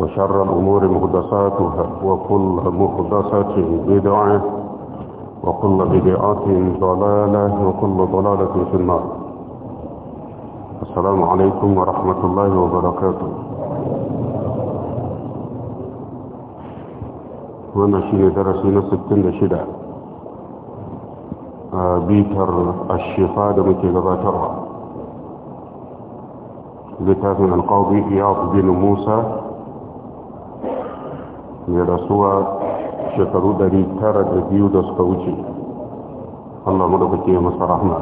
وشر الأمور مهدساتها وكل مهدسة بدعة وكل بدعة ضلالة وكل ضلالة في النار السلام عليكم ورحمة الله وبركاته ونشين درسنا ستين شدة آه، بيتر الشفاء دمتي غباترها لتافن القاضي إياض بن موسى mai rasuwa shekaru 902 da biyu da suka wuce Allah mu da kuke masa rahma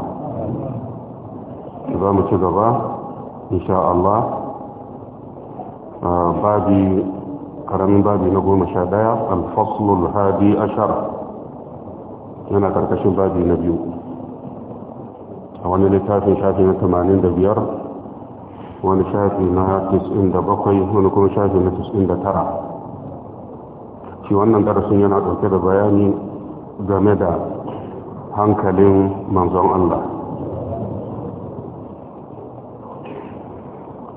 za mu ci gaba insha Allah babi karamin babi na goma sha daya alfaslul hadi ashar yana karkashin babi na biyu a wani littafin shafi na 85 wani shafi na 97 wani kuma shafi na 99 shi wannan darasin yana ɗauke da bayani game da hankalin manzon Allah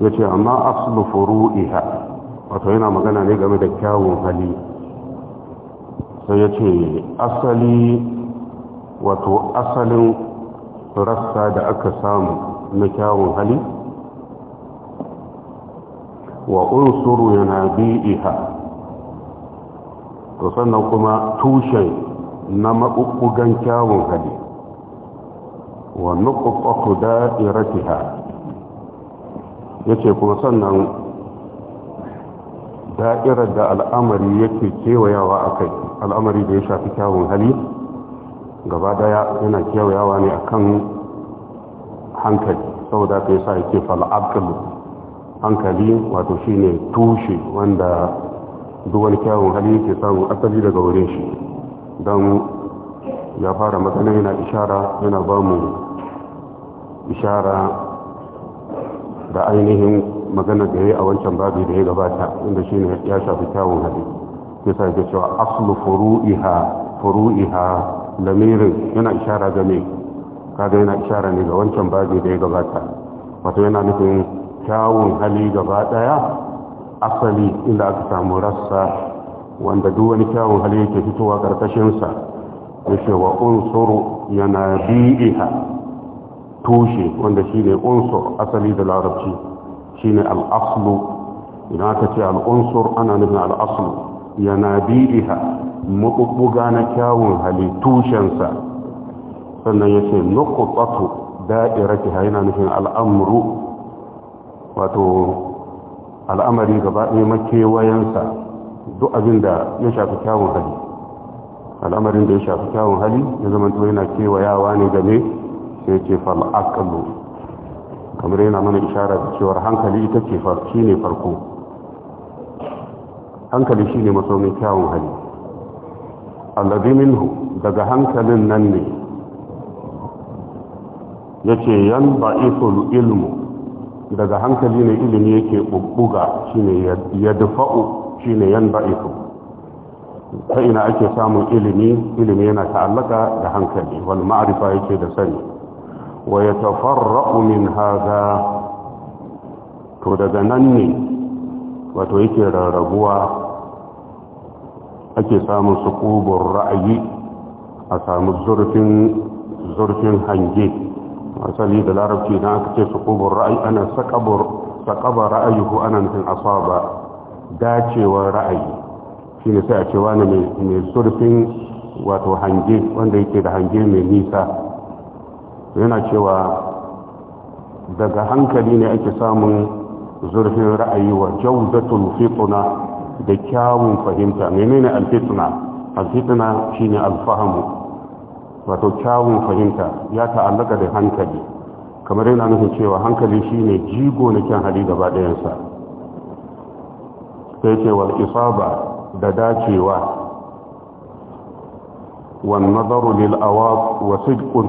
ya ce amma furu iya, wato yana magana ne game da kyawun hali sai ya ce asali wato asalin rassa da aka samu na kyawun hali wa unsuru yana bi iya. to sannan kuma tushen na maɓuɓɓugan kyawun hali wa nukuɓɓaku da'iratiha ya ce kuma sannan da'irar da al'amari yake kewayawa a kai al'amari da ya shafi kyawun hali gaba daya yana kewayawa ne a kan hankali saboda ka yi sa yake fal'abkalu hankali wato shi ne tushe wanda duk wani kyawun hali yake samun asali daga wurin shi don ya fara matsala yana ishara yana ba mu ishara da ainihin magana da ya yi a wancan babi da ya gabata inda shi ne ya shafi kyawun hali Ke sa ke cewa aslu furu'iha lamirin yana ishara ga ne kaga yana ishara ne ga wancan babi da ya gabata wato yana nufin kyawun hali gaba daya asali inda aka samu rassa wanda duk wani kyawun hali yake fitowa ƙarƙashinsa ya ce wa unsuru yana bi'iha tushe wanda shi ne unsur asali da larabci shi ne al'aslu idan aka ce al'unsur ana nufin al'aslu yana bi'iha maɓuɓɓuga na kyawun hali tushensa sannan ya ce nukutsatu da'iratiha yana nufin al'amuru wato al'amari gaba ɗaya makewayensa duk abin da ya shafi kyawun hali al'amarin da ya shafi kyawun hali ya zama to yana kewayawa ne game sai ce fal'akalu kamar yana mana ishara da cewar hankali ita ce shi ne farko hankali shi ne masaunin kyawun hali allazi minhu daga hankalin nan ne ya ce yan ba'isul ilmu daga hankali ne ilimi yake bubbuga shine ya dafa'u shine yanba'iku ta ina ake samun ilimi ilimi yana ta'allaka da hankali wal ma'rifa yake da sani wa yatafarra'u min hadha to daga nan ne wato yake rarrabuwa ake samun sukubur ra'ayi a samu zurfin zurfin hange asali da larabci idan aka ce saqubur ra'ayi ana saƙaba ra'ayi ko ana nufin asaba dacewar ra'ayi shine sai a cewa wani mai surfin wato hange wanda yake da hange mai nisa yana cewa daga hankali ne ake samun zurfin ra'ayi wa jawzatul fitna da kyawun fahimta menene alfitna shi shine alfahamu wato kyawun fahimta ya ta'allaka da hankali kamar yana nufin cewa hankali shine jigo na kyan hali gaba ɗayansa sai ce wal isaba da dacewa wani nazaru lil awaq wa sidqu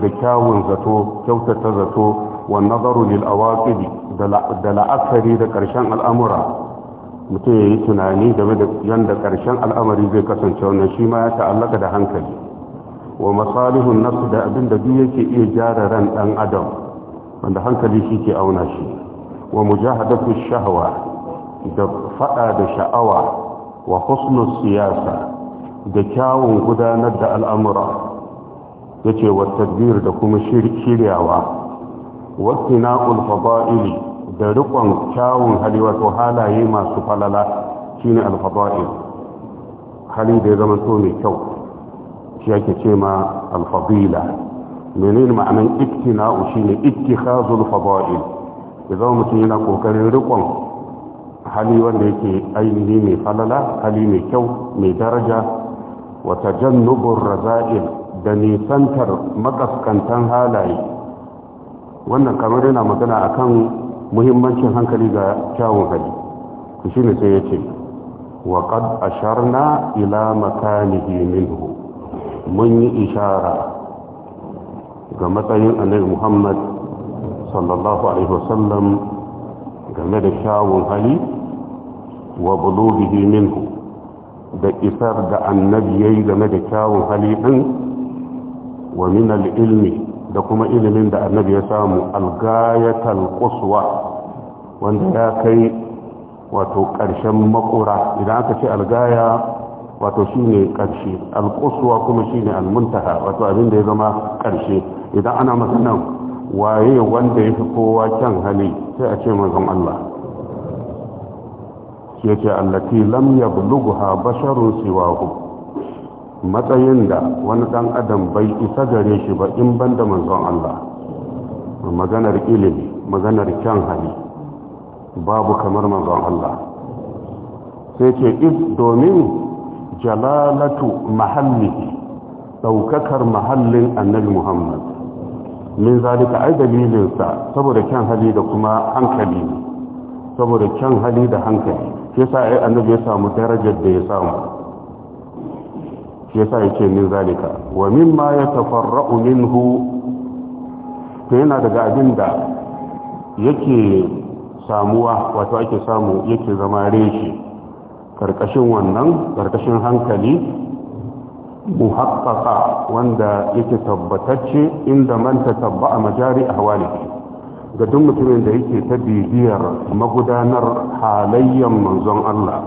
da kyawun zato kyautata zato wani nazaru lil ƙiri da la'akari da ƙarshen al'amura mutum ya yi tunani game da yadda ƙarshen al'amari zai kasance wannan shi ma ya ta'allaka da hankali wa masalihun nasu da abin da duk yake iya jara ran ɗan adam wanda hankali shi ke auna shi wa mujahadatu shahwa da fada da sha'awa wa husnus siyasa da kyawun gudanar da al'amura yace wa tadbir da kuma shiryawa wa tinaqul fada'il da riƙon kyawun hali wato halaye masu falala shine al-fada'il hali da ya zama to mai kyau shi yake ce ma alfadila menene ma'anan iktina'u shine ittikhazul fada'il idan mutum yana kokarin rikon hali wanda yake ainihi mai falala hali mai kyau mai daraja wa tajannubur raza'il da nisantar makaskantan halaye wannan kamar yana magana akan muhimmancin hankali ga kyawun hali shine sai yace wa qad asharna ila makanihi minhu mun yi ishara ga matsayin annabi muhammad sallallahu alaihi wasallam game da shawun hali wa bulubihi minhu da isar da annabi yayi game da kyawun hali din wa min al-ilmi da kuma ilimin da annabi ya samu al-gayatal quswa wanda ya kai wato ƙarshen makura idan aka ce algaya wato shine ƙarshe, alƙusuwa kuma shine almuntaha wato abin da ya zama ƙarshe. idan ana nan waye wanda ya fi kowa kyan hali sai a ce mazan Allah yake allati lam ha basharun siwahu matsayin da wani ɗan adam bai isa gare shi ba in ban banda mazan Allah maganar ilimi maganar kyan hali babu kamar manzon Allah sai ce domin jalalatu mahalli daukakar mahallin annabi muhammad min zalika ai dalilinsa saboda kyan hali da kuma hankali saboda kyan hali da hankali shi yasa ai annabi ya samu darajar da ya samu shi yasa yake min zalika wa mimma yatafarra'u minhu ta yana daga abin da yake samuwa wato ake samu yake zama reshe karkashin wannan karkashin hankali muhaqqaqa wanda yake tabbatacce inda man a majari ahwalihi ga duk mutumin da yake ta bibiyar magudanar halayyan manzon Allah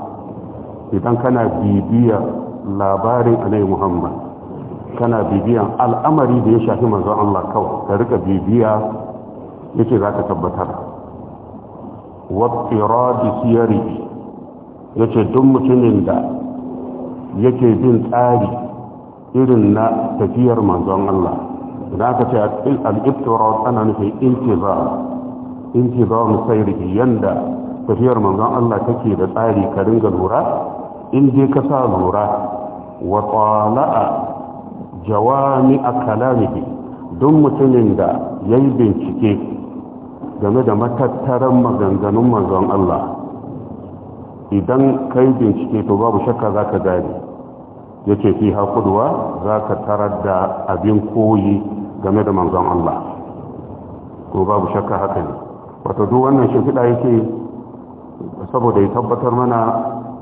idan kana bibiyar labarin annabi Muhammad kana bibiyan al'amari da ya shafi manzon Allah kawai ka rika bibiya yake zaka tabbatar wa iradi siyari ya ce duk mutumin da yake bin tsari irin na tafiyar manzon Allah idan aka ce al'ibtirar ana nufin intibar intibar musairiki yanda tafiyar manzon Allah take da tsari ka ringa lura in dai ka sa lura wa tsala'a jawami a kalamihi don mutumin da ya yi bincike game da matattaran maganganun manzon Allah idan kai bincike to babu shakka za ka gani. ya ce fi haƙudwa za ka tarar da abin koyi game da manzon Allah to babu shakka haka ne Wata duk wannan shimfiɗa yake saboda ya tabbatar mana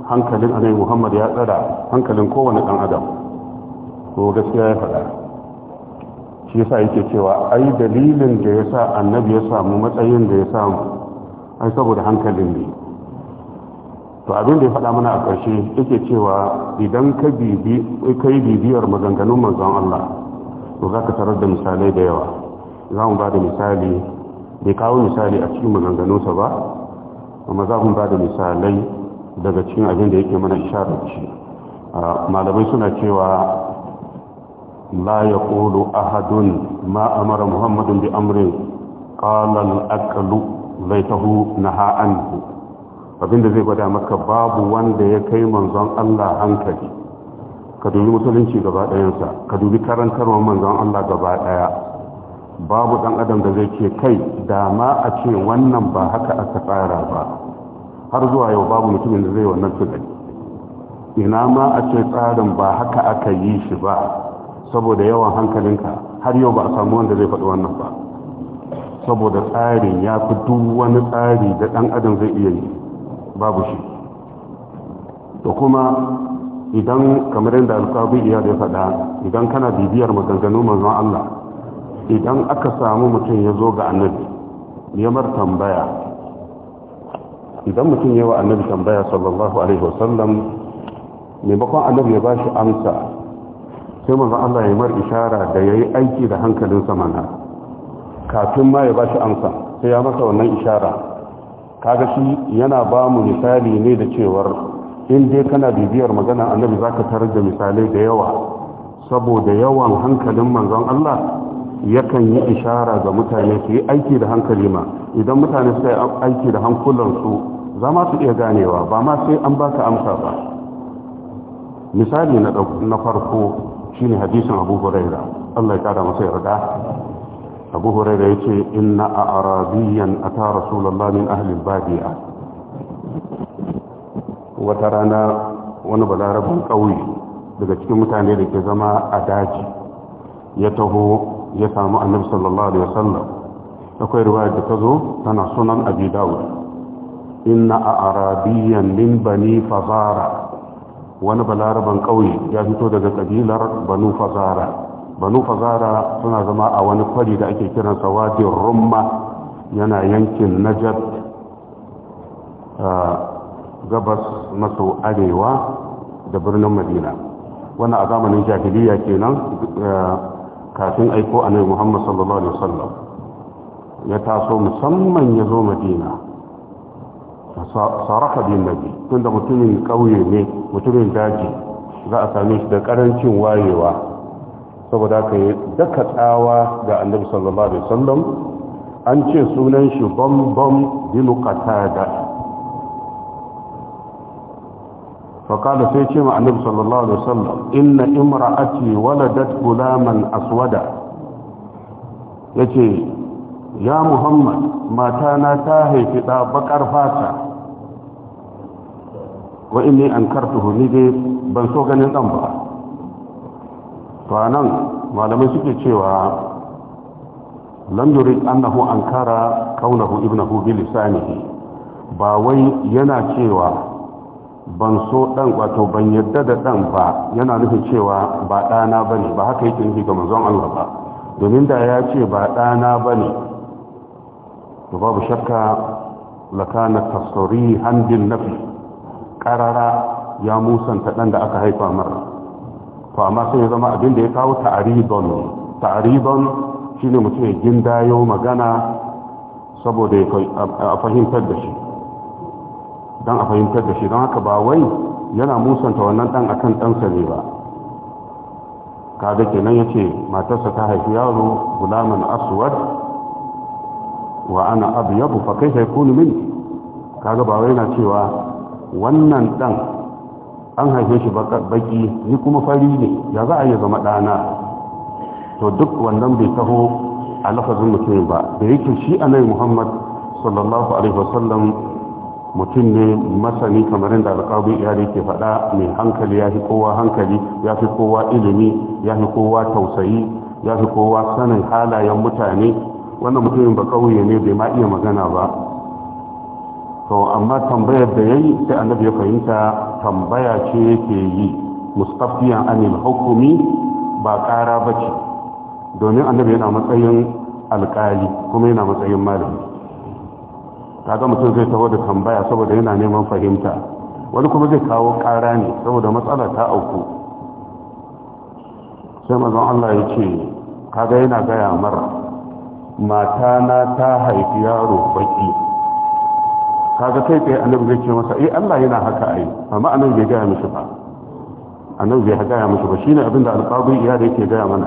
hankalin anai muhammad ya tsada hankalin kowane ɗan adam ko gaskiya ya faɗa shi yasa yake cewa ai dalilin da ya sa annabi ya samu matsayin da ya samu ai saboda hankalin ne to abin da ya faɗa mana a ƙarshe yake cewa idan ka kai bibiyar maganganun manzon Allah to za ka tarar da misalai da yawa za mu ba da misali bai kawo misali a cikin maganganunsa ba amma za mu ba da misalai daga cikin abin da yake mana isharar shi malamai suna cewa la ya لا يقول أحد ما bi amrin بأمر قال الأكل ليته نهى عنه abinda zai gwada maka babu wanda ya kai manzon Allah hankali ka dubi musulunci gaba ɗayansa ka dubi karantarwar manzon Allah gaba ɗaya babu ɗan adam da zai ce kai dama ma a ce wannan ba haka aka tsara ba har zuwa yau babu mutumin da zai wannan tunani ina ma a ce tsarin ba haka aka yi shi ba saboda yawan hankalinka har yau ba a samu wanda zai faɗi wannan ba saboda tsarin ya fi duk wani tsari da ɗan adam zai iya yi babu shi da kuma idan kamar yadda alkabu iya da faɗa idan kana bibiyar maganganu manzon Allah idan aka samu mutum ya zo ga annabi yamar tambaya idan mutum yawa annabi tambaya sallallahu alaihi wasallam maimakon annabi ya ba shi amsa sai manzon Allah ya mar ishara da ya yi aiki da hankalinsa mana kafin ma ya ba shi amsa sai ya masa wannan ishara kaga shi yana ba mu misali ne da cewar in dai kana bibiyar magana annabi zaka tarar da misalai da yawa saboda yawan hankalin manzon Allah yakan yi ishara ga mutane su yi aiki da hankali ma idan mutane su yi aiki da hankulansu za ma su iya ganewa ba ma sai an ba ka amsa ba misali na farko shine hadisin abu huraira Allah ya kada masa yarda abu huraira ya ce inna a arabiyan a ta rasulallah ahalin babiya wata rana wani balarabin ƙauye daga cikin mutane da ke zama a daji ya taho ya samu annabi sallallahu alaihi wasallam akwai riwayar da ta zo tana sunan abi dawud a arabiyan min bani fazara wani balaraban ƙauye ya fito daga ƙabilar banu fazara banu fazara suna zama a wani kwari da ake kiransa wadin rumma yana yankin najat gabas maso arewa da birnin madina wannan a zamanin jahiliya kenan kafin aiko annabi muhammad sallallahu alaihi wasallam ya taso musamman ya zo madina saraka bin nabi tunda mutumin ƙauye ne mutumin daji za a same shi da ƙarancin wayewa saboda ka yi daka tsawa ga annabi sallallahu alaihi wasallam an ce sunan shi bambam dinu katada fa kada sai ce ma annabi sallallahu alaihi wasallam inna imra'ati waladat gulaman aswada yace ya muhammad mata na ta haifi da bakar fata wa ankar tuhumi ni ban so ganin dan to anan malamai suke cewa lam annahu ankara kaunahu ibnahu bi lisanihi ba wai yana cewa ban so dan wato ban yadda da dan ba yana nufin cewa ba dana bane ba haka yake nufi ga manzon Allah ba domin da ya ce ba dana bane to babu shakka lakana tasrihan bil nafi qarara ya musanta dan da aka haifa mara to amma sai ya zama abin da ya kawo ta'ariban. ta'aridon shine mutum ya gindayo magana saboda a fahimtar da shi don a fahimtar da shi don haka ba wai yana musanta wannan dan akan ɗansa ne ba kaga kenan ya ce matarsa ta haifi yaro gulaman aswad wa ana abu yabu fa kai haifu min kaga ba wai yana cewa wannan dan an haife shi baki ni kuma fari ne ya za a yi zama ɗana to duk wannan bai taho a lafazin mutum ba da yake shi a annabi muhammad sallallahu alaihi wasallam mutum ne masani kamar yadda alƙawar iyali ke faɗa mai hankali ya fi kowa hankali ya fi kowa ilimi ya fi kowa tausayi ya fi kowa sanin halayen mutane wannan mutumin ba ƙauye ne bai ma iya magana ba to amma tambayar da ya yi sai annabi ya fahimta tambaya ce yake yi mustafiyan anil hukumi ba kara ba ce domin annabi yana matsayin alkali kuma yana matsayin malami kaga mutum zai taho da tambaya saboda yana neman fahimta wani kuma zai kawo kara ne saboda matsala ta auku sai mazan Allah ya ce kaga yana gaya mara mata na ta haifi yaro baki kaga kai tsaye annabi zai ce masa eh Allah yana haka ai amma annabi bai gaya mishi ba annabi bai gaya mishi ba shine abin da alqabi iya da yake gaya mana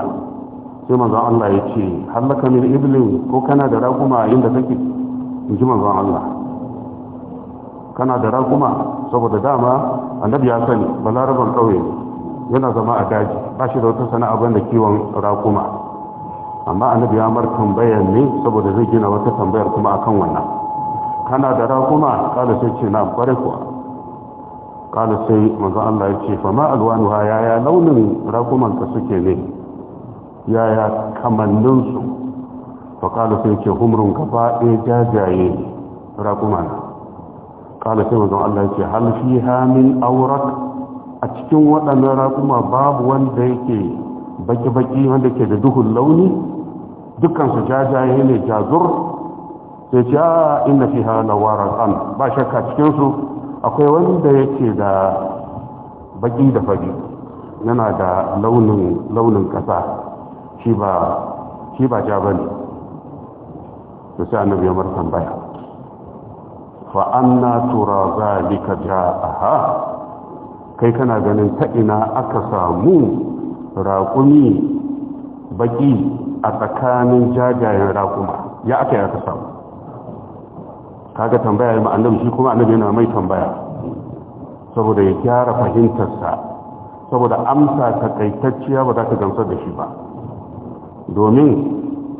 sai manzon Allah ya ce halaka min iblin ko kana da raguma inda kake in ji manzon Allah kana da raguma saboda dama annabi ya sani balaraban kauye yana zama a daji ba shi da wata sana'a da kiwon raguma amma annabi ya mar bayan ne saboda zai gina wata tambayar kuma akan wannan kana da raguma kada sai ce na kware kuwa kada sai manzo Allah ya ce fa ma ya yaya launin raguman suke ne yaya kamannin su fa kala sai ce humrun gaba ɗaya jajaye raguman kada sai manzo Allah ya hal fiha min awrak a cikin waɗannan raguma babu wanda yake baki-baki wanda ke da duhun launi dukansu jajaye ne jazur sai ce a ah, inna fiha an ba shakka cikinsu. akwai wanda yake da baki da fari yana da launin kasa shi ba ja ba ne da sai annabi ya mar tambaya fa na tura zalika Aha, kai kana ganin ta ina aka samu raƙumi baki a tsakanin jajayen raƙuma ya aka yi aka samu kaga tambaya ya annabi shi kuma annabi yana mai tambaya saboda ya gyara fahimtarsa saboda amsa takaitacciya ba za ta gamsar da shi ba domin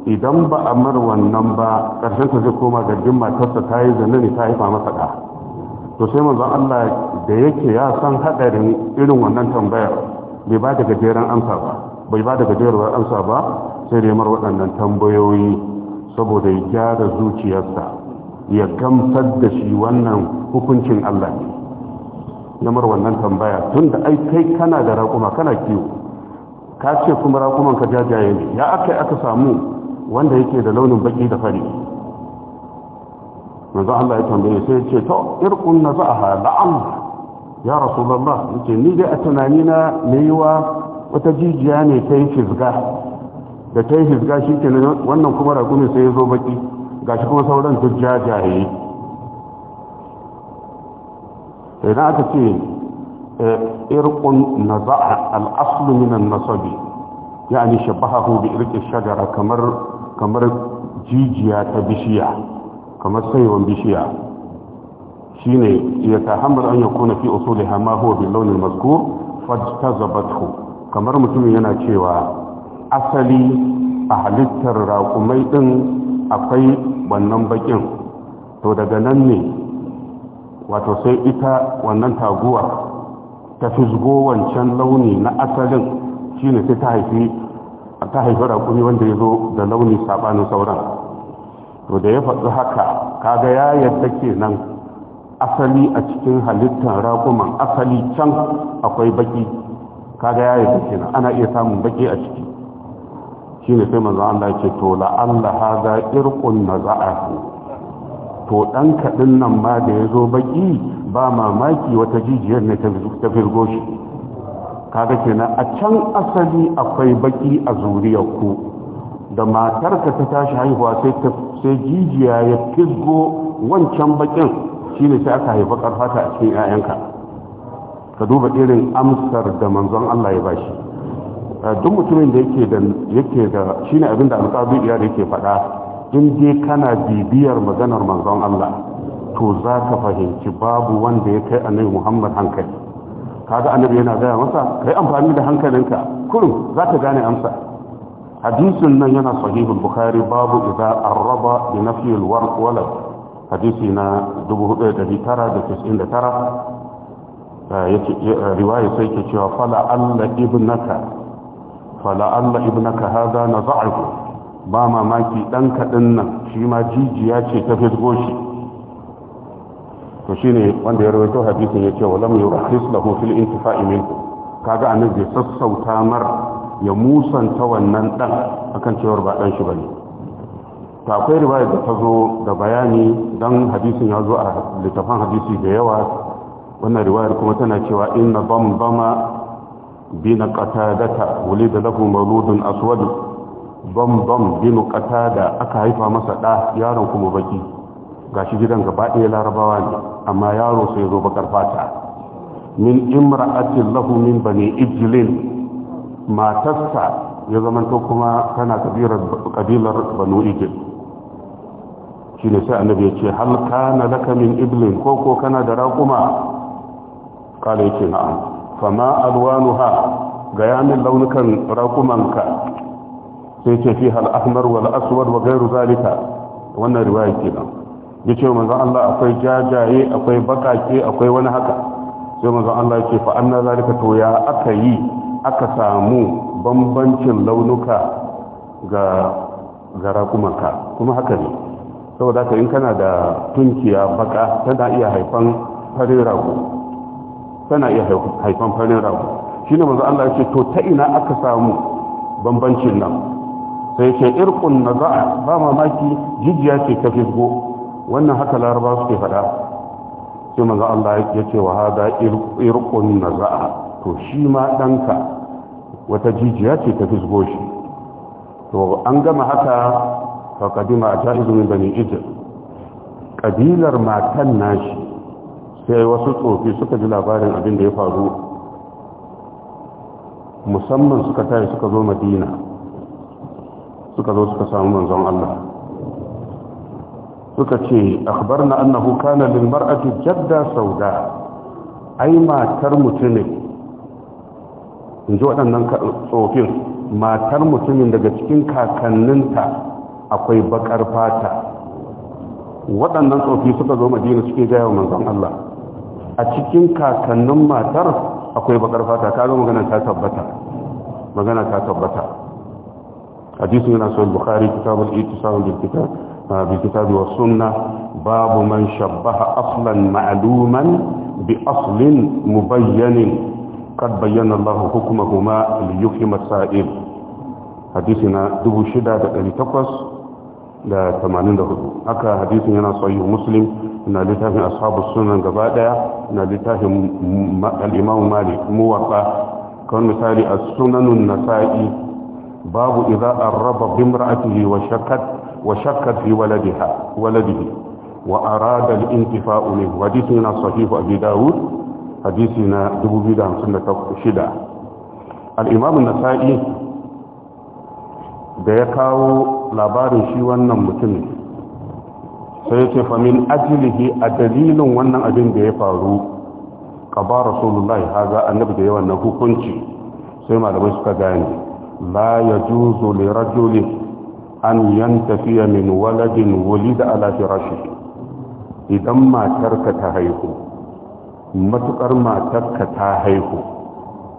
idan ba a mar wannan ba ƙarshenta zai koma gargin matarsa ta yi zanne ta haifa masa ɗa to sai manzon Allah da yake ya san haɗarin irin wannan tambayar bai ba da gajeren amsa ba bai ba da gajeren amsa ba sai da mar waɗannan tambayoyi saboda ya gyara zuciyarsa ya gamsar da shi wannan hukuncin Allah ne namar wannan tambaya tun da ai kai kana da raƙuma kana kiwo ka ce kuma raƙuman ka jajaye ne ya aka aka samu wanda yake da launin baki da fari manzo Allah ya tambaye sai ya ce to irqun nazaha la'am ya rasulullah yace ni dai a tunani na yiwa wata jijiya ne ta yi fizga da ta yi fizga shi ke wannan kuma raƙumin sai ya zo baki gashi kuma sauran duk jajaye idan aka ce eh, irkun na za'a al'aslu minan nasabi ya ne shabahahu da irkin shagara kamar jijiya ta bishiya kamar saiwan bishiya shine ya tahammar an yakuna fi usuliha ma huwa bi launin mazkur fajtazabathu kamar mutumin yana cewa asali a halittar raƙumai ɗin akwai wannan bakin to daga nan ne wato sai ita wannan taguwa ta fizgo wancan launi na asalin shi ne sai ta haifi ta kuni wanda ya zo da launi sabanin sauran to da ya faɗi haka kaga ya yadda nan asali a cikin halittar rakuman asali can akwai baki kaga ya yadda nan ana iya samun baki a ciki shi ne sai manzo Allah ce to la'alla haza irqun naza'ahu to dan kadin nan ma da yazo baki ba mamaki wata jijiyar ne ta ta firgo shi kaga kenan a can asali akwai baki a zuriyar ku da matarka ta tashi haihuwa sai ta sai jijiya ya fisgo wancan bakin shine sai aka haifa karfata a cikin 'ya'yanka ka duba irin amsar da manzon Allah ya bashi Eh, duk mutumin da yake da yake da shine abin da alƙabi iyar yake faɗa in je kana bibiyar maganar manzon Allah to za ka fahimci babu wanda ya kai annabi Muhammad hankali kaga annabi yana gaya masa kai amfani da hankalinka kurum za ka gane amsa hadisin nan yana sahihul bukhari babu idza arraba bi nafi alwarq walad hadisi na 1999 eh, yace riwaya sai ke cewa fala alla ibnaka fala'alla ibnaka haza na za'ahu ba mamaki ɗan kaɗin nan shi ma jijiya ce ta fisgo shi to shi ne wanda ya rawaito hadisin ya ce walam yi rahis lahu fil intifa'i minku kaga anan bai sassauta mar ya musanta wannan ɗan akan cewar ba ɗan shi ba ne ta akwai riwayar da ta zo da bayani don hadisin ya zo a littafan hadisi da yawa wannan riwayar kuma tana cewa inna bambama بن قتادة ولد له مولود أسود ضمضم بن قتادة أكا هيفا مسألة يارن كم بكي gashi gidan gaba ɗaya larabawa ne amma yaro sai zo bakar fata min imra'atin lahu min bani ijlil matarsa ya zamanto kuma kana kabilar banu ijil shi sai annabi ya ce hal kana daka min iblin ko ko kana da raƙuma kala yake na'am fama Ha, ga yamin launukan ra'kumanka, sai ce fi hal ahmar wal wa gairu zalika wannan riwaya kenan yace manzon Allah akwai jajaye akwai bakake akwai wani haka sai manzon Allah ce fa anna zalika to ya aka yi aka samu bambancin launuka ga ga raƙumanka kuma haka ne saboda haka in kana da tunkiya baka tana iya haifan farin rago. tana iya haifan farin rago shi ne manzo Allah ya to ta ina aka samu bambancin nan sai ce irkun za'a ba mamaki jijiya ce ta fisgo wannan haka laraba suke faɗa sai manzo Allah ya ce wa hada irkun za'a to shi ma ɗanka wata jijiya ce ta fisgo shi to an gama haka fa kadima a jahizu min bani ijil ƙabilar matan nashi sai wasu tsofi suka ji labarin abin da ya faru musamman suka tayi suka zo madina suka zo suka samu manzon Allah suka ce akhbarna annahu kana lil mar'ati jadda sauda ai matar mutumin in ji waɗannan tsofin matar mutumin daga cikin kakanninta akwai bakar fata waɗannan tsofi suka zo madina suke gaya wa manzon Allah a cikin kakannin matar akwai bakar fata kaga magana ta tabbata magana ta tabbata hadisi yana sahih bukhari kitabul ittisal bil kitab ah, bil kitab was sunnah babu man shabbaha aslan ma'luman bi aslin mubayyanin قد بين الله حكمهما ليفهم السائل حديثنا دبو شدة دا تقوس دا 84 هكا حديث na littafin ashabu sunan gaba daya na littafin al'imamu malik muwaka kan misali a sunanun nasa'i babu iza an raba bimra'atihi wa shakkat fi waladihi wa arada al'intifa'u ne hadisi na sahihu abi dawud hadisi na 2056 al'imamun nasa'i da ya kawo labarin shi wannan mutumin sai yake famin ajilihi a dalilin wannan abin da ya faru ka ba rasulullah haza annabi da yawan na hukunci sai malamai suka gane la ya juzo li rajuli an yan tafiya min waladin wuli ala rashi idan matarka ta haihu matukar matarka ta haihu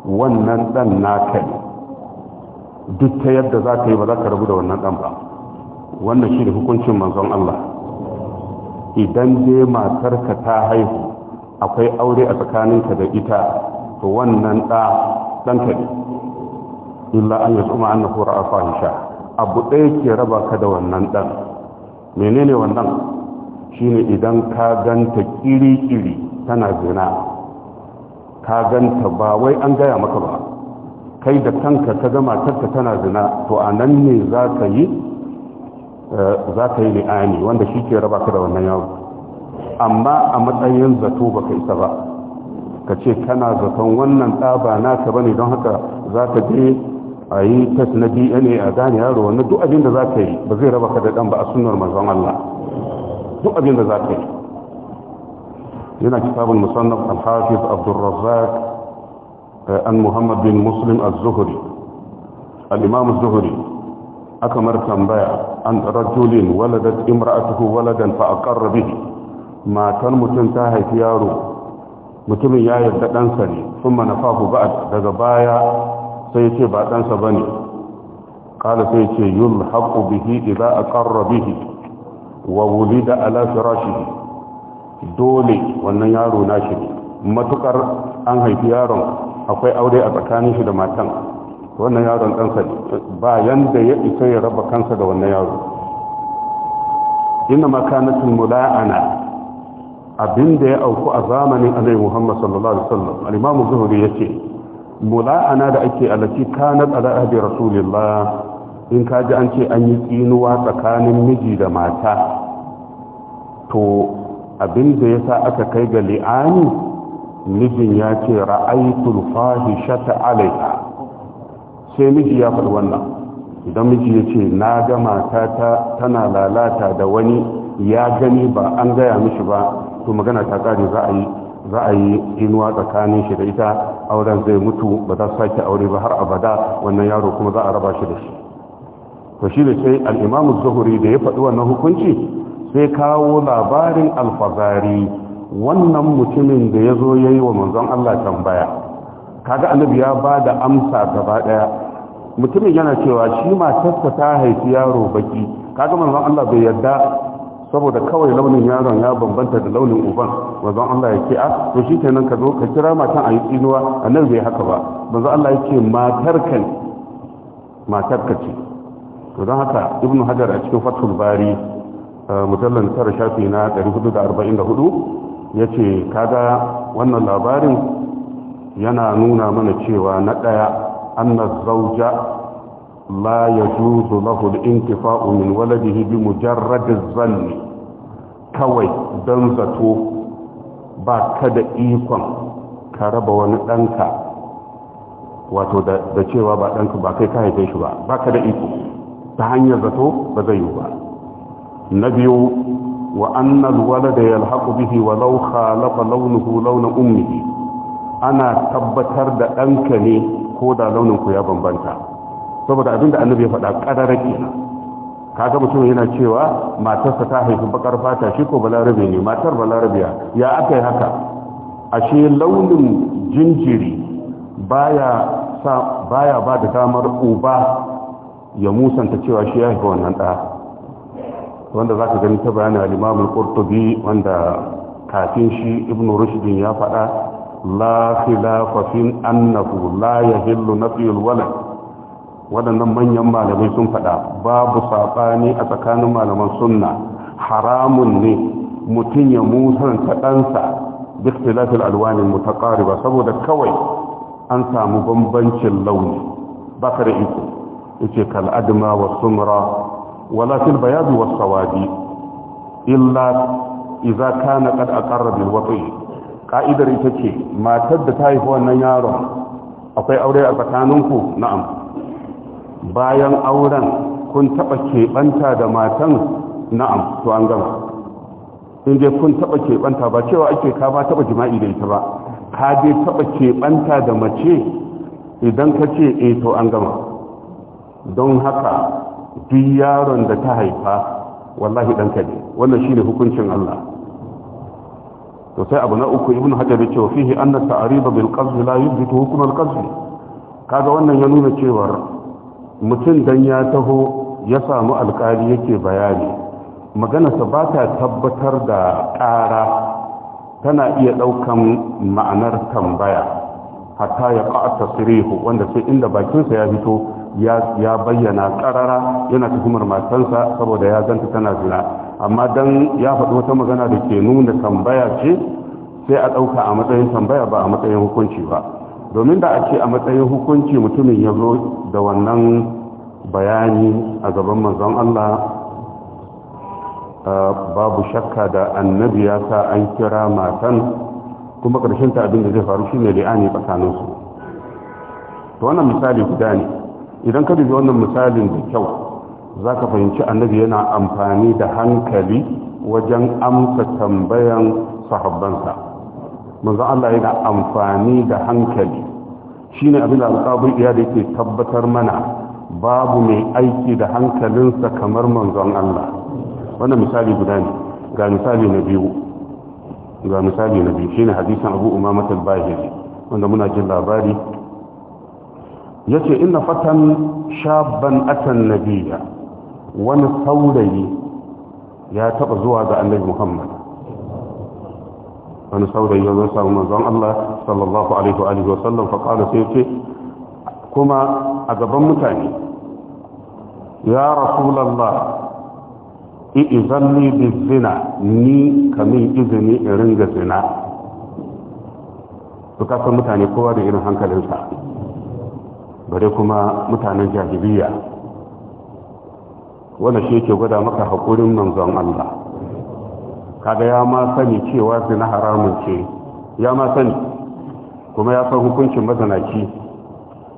wannan dan na kai duk ta yadda za ka yi ba za ka rabu da wannan dan ba wannan shi da hukuncin manzon Allah idan dai matarka ta haihu akwai aure a tsakaninka da ita to wannan ɗa ɗanka ne illa an yi tsuma an a fahisha abu ɗaya ke raba ka da wannan ɗan menene wannan shine idan ka ganta kiri-kiri tana zina ka ganta ba wai an gaya maka ba kai da kanka ka ga matarka tana zina to a nan ne za ka yi Eh, za ka yi li'ani wanda shi ke raba ka da wannan yaro amma a matsayin zato ba ka isa ba ka ce kana zaton wannan ɗaba naka ba ne don haka za ka je a yi tas na dna a gane yaro wannan duk abin da za ka yi ba zai raba ka da ɗan ba a sunar manzon allah duk abin da za ka yi yana kitabun musannaf al-hafiz abdurrazzaq eh, an muhammad bin muslim az-zuhri al-imam az-zuhri aka mar tambaya an rajulin waladat imra'atuhu waladan fa aqarra bihi matan mutum ta haifi yaro mutumin ya yarda ɗansa ne sun manafahu ba daga baya sai ya ce ba ɗansa ba ne ƙala sai ce yul haƙo bihi idan a ƙarra bihi wa da alafira shi dole wannan yaro na shi matuƙar an haifi yaron akwai aure a tsakanin shi da matan wannan yaron kansa ɗansa ba yanda ya isa ya raba kansa da wannan yaro inna makanatin mula'ana abinda ya auku a zamanin alai muhammad sallallahu alaihi wasallam al-imamu zuhri yace mula'ana da ake alati kanat ala ahdi rasulillah in ka ji an ce an yi tsinuwa tsakanin miji da mata to abin da ya sa aka kai ga li'ani mijin ya ce ra'aitul fahishata alaiha sai miji ya faɗi wannan idan miji ya ce na ga matata tana lalata da wani ya gani ba an gaya mishi ba to magana ta tsari za a yi za a yi inuwa tsakanin shi da ita auren zai mutu ba za su sake aure ba har abada wannan yaro kuma za a raba shi da shi to shi da sai al'imamu zuhuri da ya faɗi wannan hukunci sai kawo labarin alfazari wannan mutumin da ya zo ya yi wa manzon allah tambaya kaga annabi ya ba da amsa gaba daya mutumin yana cewa shi matarsa ta haifi yaro baki kaga manzon Allah bai yarda saboda kawai launin yaron ya bambanta da launin uban manzon Allah ya a ah, to shi kenan ka zo ka kira matan a yi tsinuwa annabi bai haka ba manzon Allah ya ce matar kan matar ka ce to don haka ibnu hajar a cikin fathul bari mujallar tara shafi na 444 ya ce kaga wannan labarin yana nuna mana cewa na ɗaya anna zauja la ya lahu al-intifa'u min waladihi bi mujarrad zanni kawai dan zato ba ka da ikon ka raba wani ɗanka wato da cewa ba ɗanka ba kai ka haife shi ba ba ka da iko ta hanyar zato ba zai yi ba na biyu wa annal walada yalhaqu bihi walau khalaqa launuhu launa ummihi ana tabbatar da ɗanka ne ko da launinku ya bambanta saboda abinda annabi ya faɗa ƙararra kenan kaga mutum yana cewa matarsa ta haifi bakar fata shi ko balarabe ne matar balarabiya ya aka yi haka ashe launin jinjiri baya sa ba da damar uba ya musanta cewa shi ya haifi wannan ɗa wanda za ka gani ta bayanin al ƙortobi wanda kafin shi ibnu rushdin ya faɗa la khilafa fin annahu la yahillu nafiyul walad waɗannan manyan malamai sun faɗa babu saɓani a tsakanin malaman sunna haramun ne mutum ya musanta ɗansa duk filafil alwanin mutaƙariba saboda kawai an samu bambancin launi ba ka da iko yace kal'adma wa sumra wala fil bayadi was sawabi illa idza kana qad aqarra bil wati ka'idar ita ce matar da ta haifi wannan yaron akwai aure a tsakaninku na'am bayan auren kun taɓa keɓanta da matan na'am to an gama in kun taɓa keɓanta ba cewa ake ka ba taɓa jima'i da ita ba ka dai taɓa keɓanta da mace idan ka ce eh to an gama don haka duk yaron da ta haifa wallahi ɗanka ne wannan shi ne hukuncin Allah to sai abu na uku ibn hajar ya ce wa fihi anna ta'rida bil qazl la yubditu hukm al qazl kaga wannan ya nuna cewa mutum dan ya taho ya samu alƙali yake bayani maganarsa ba ta tabbatar da ƙara tana iya ɗaukan ma'anar tambaya hatta ya ƙa'a tasirihu wanda sai inda bakinsa ya fito ya bayyana ƙarara yana tuhumar matansa saboda ya zanta tana zina amma dan ya faɗi wata magana da ke nuna tambaya ce sai a ɗauka a matsayin tambaya ba a matsayin hukunci ba domin da a ce a matsayin hukunci mutumin ya zo da wannan bayani a gaban mazan Allah eh, babu shakka da annabi ya sa an kira matan kuma ƙarshen ta abin da zai faru shine li'ani tsakaninsu to wannan misali guda ne idan ka dubi wannan misalin da kyau za ka fahimci annabi yana amfani da hankali wajen amsa tambayan sahabbansa manzo Allah yana amfani da hankali ne abin da alƙabul iya da yake tabbatar mana babu mai aiki da hankalinsa kamar manzon Allah wannan misali guda ne ga misali na biyu ga misali na biyu shine hadisin Abu Umama al wanda muna jin labari yace inna fatan shabban atan nabiyya wani saurayi ya taba zuwa ga annabi muhammad wani saurayi ya zai samu manzon Allah sallallahu alaihi wa alihi wasallam fa qala sai ce kuma a gaban mutane ya rasulullah izalli bi zina ni kamin izini in ringa zina su kasan mutane kowa da irin hankalinsa bare kuma mutanen jahiliya wanda shi yake gwada maka haƙurin manzon Allah kaga ya ma sani cewa zina haramun ce ya ma sani kuma ya san hukuncin mazanaci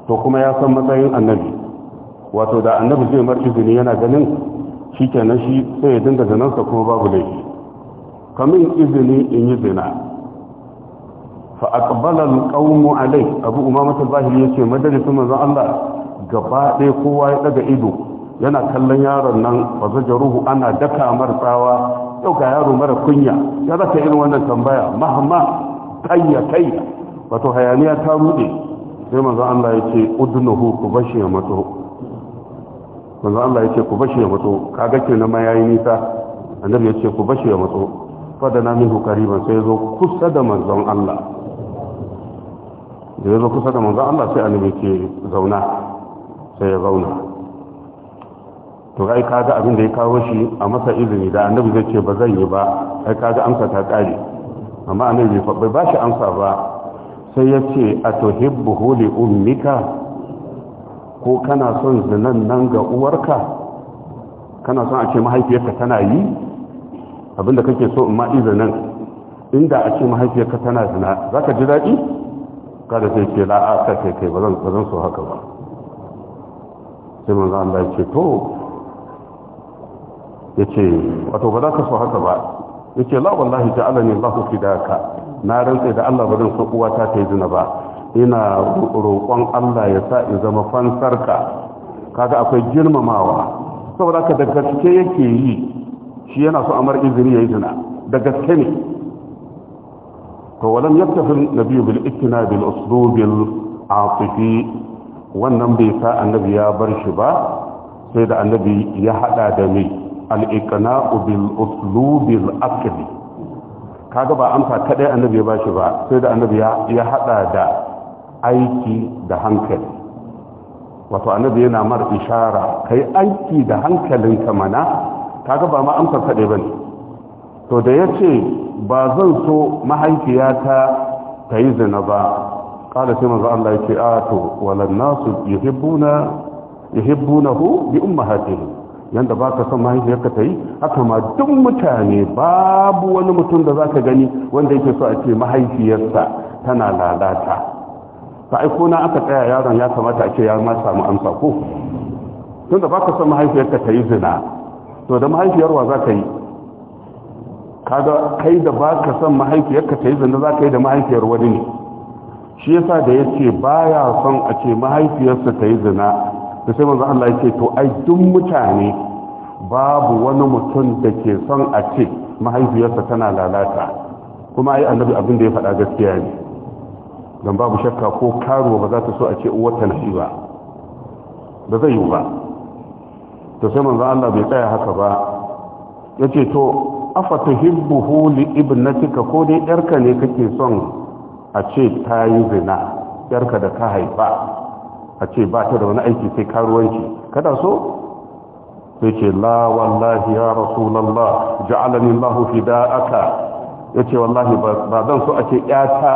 to kuma ya san matsayin annabi wato da annabi zai marci zini yana ganin shi kenan shi sai ya dinga zinansa kuma babu laifi kamin izini in yi zina fa aqbala alqawmu alai abu umama al-bahili yace madarisu manzon Allah gaba ɗaya kowa ya daga ido yana kallon yaron nan ba jaruhu ana daka martsawa yau ga yaro mara kunya ya zaka irin wannan tambaya mahma kayya kayya wato hayaniya ta rude sai manzo Allah ya ce udnuhu ku bashi ya mato manzo Allah ya ce ku bashi ya mato kaga kenan ma yayi nisa annabi ya ce ku bashi ya mato na minhu qariban sai zo kusa da manzon Allah da ya zo kusa da manzon Allah sai annabi ya zauna sai ya zauna to ai kaga abin da ya kawo shi a masa izini da annabi zai ce ba zan yi ba ai kaga amsa ta kare amma annabi bai ba shi amsa ba sai ya ce a tuhibbuhu li ummika ko kana son zinan nan ga uwarka kana son a ce mahaifiyarka tana yi abinda kake so in ma izinin inda a ce mahaifiyarka tana zina zaka ji daɗi kada sai ce la'a ka kai ba zan so haka ba sai manzo Allah ya ce to ce wato ba za ka so haka ba yace la wallahi ja'alani Allahu ka na rantsa da Allah ba so uwata ta yi zina ba ina roƙon Allah ya sa in zama fansarka kaga akwai girmamawa saboda ka da gaske yake yi shi yana so amar izini ya yi zina da gaske ne to walam yaktafin nabi bil ikna bil uslubil atifi wannan bai sa annabi ya bar shi ba sai da annabi ya hada da mai al-iqna'u bil uslubil kaga ba amsa kadai annabi ya bashi ba sai da annabi ya hada da aiki da hankali wato annabi yana mar ishara kai aiki da hankalinka mana kaga ba ma amsa kadai bane to da yace ba zan so mahaifiyata ta yi zina ba قال سيما ذا الله يكي ya ولا الناس يحبون يحبونه بأمهاتهم yadda ba ka son mahaifiyarka ta yi haka ma duk mutane babu wani mutum da za ka gani wanda yake so a ce mahaifiyarsa tana lalata ta aiko na aka tsaya yaron ya kamata a ce ya ma samu amsa ko tun da ba ka son mahaifiyarka ta yi zina to da mahaifiyarwa za ka yi kada kai da ba ka son mahaifiyarka ta yi zina za ka yi da mahaifiyar wani ne shi yasa da ya ce ba ya son a ce mahaifiyarsa ta yi zina da sai manzo Allah yake to ai duk mutane babu wani mutum da ke son a ce mahaifiyarsa tana lalata kuma ai annabi abin da ya faɗa gaskiya ne don babu shakka ko karo ba za ta so a ce uwar ta shi ba ba zai yi ba to sai manzo Allah bai tsaya haka ba yace to afa tuhibbuhu li ibnatika ko dai yarka ne kake son a ce ta yi zina yarka da ka haifa a ce ba ta da wani aiki sai karuwanci kada so sai ce la wallahi ya rasulallah ja'alani aka ya ce wallahi ba zan so a ce yata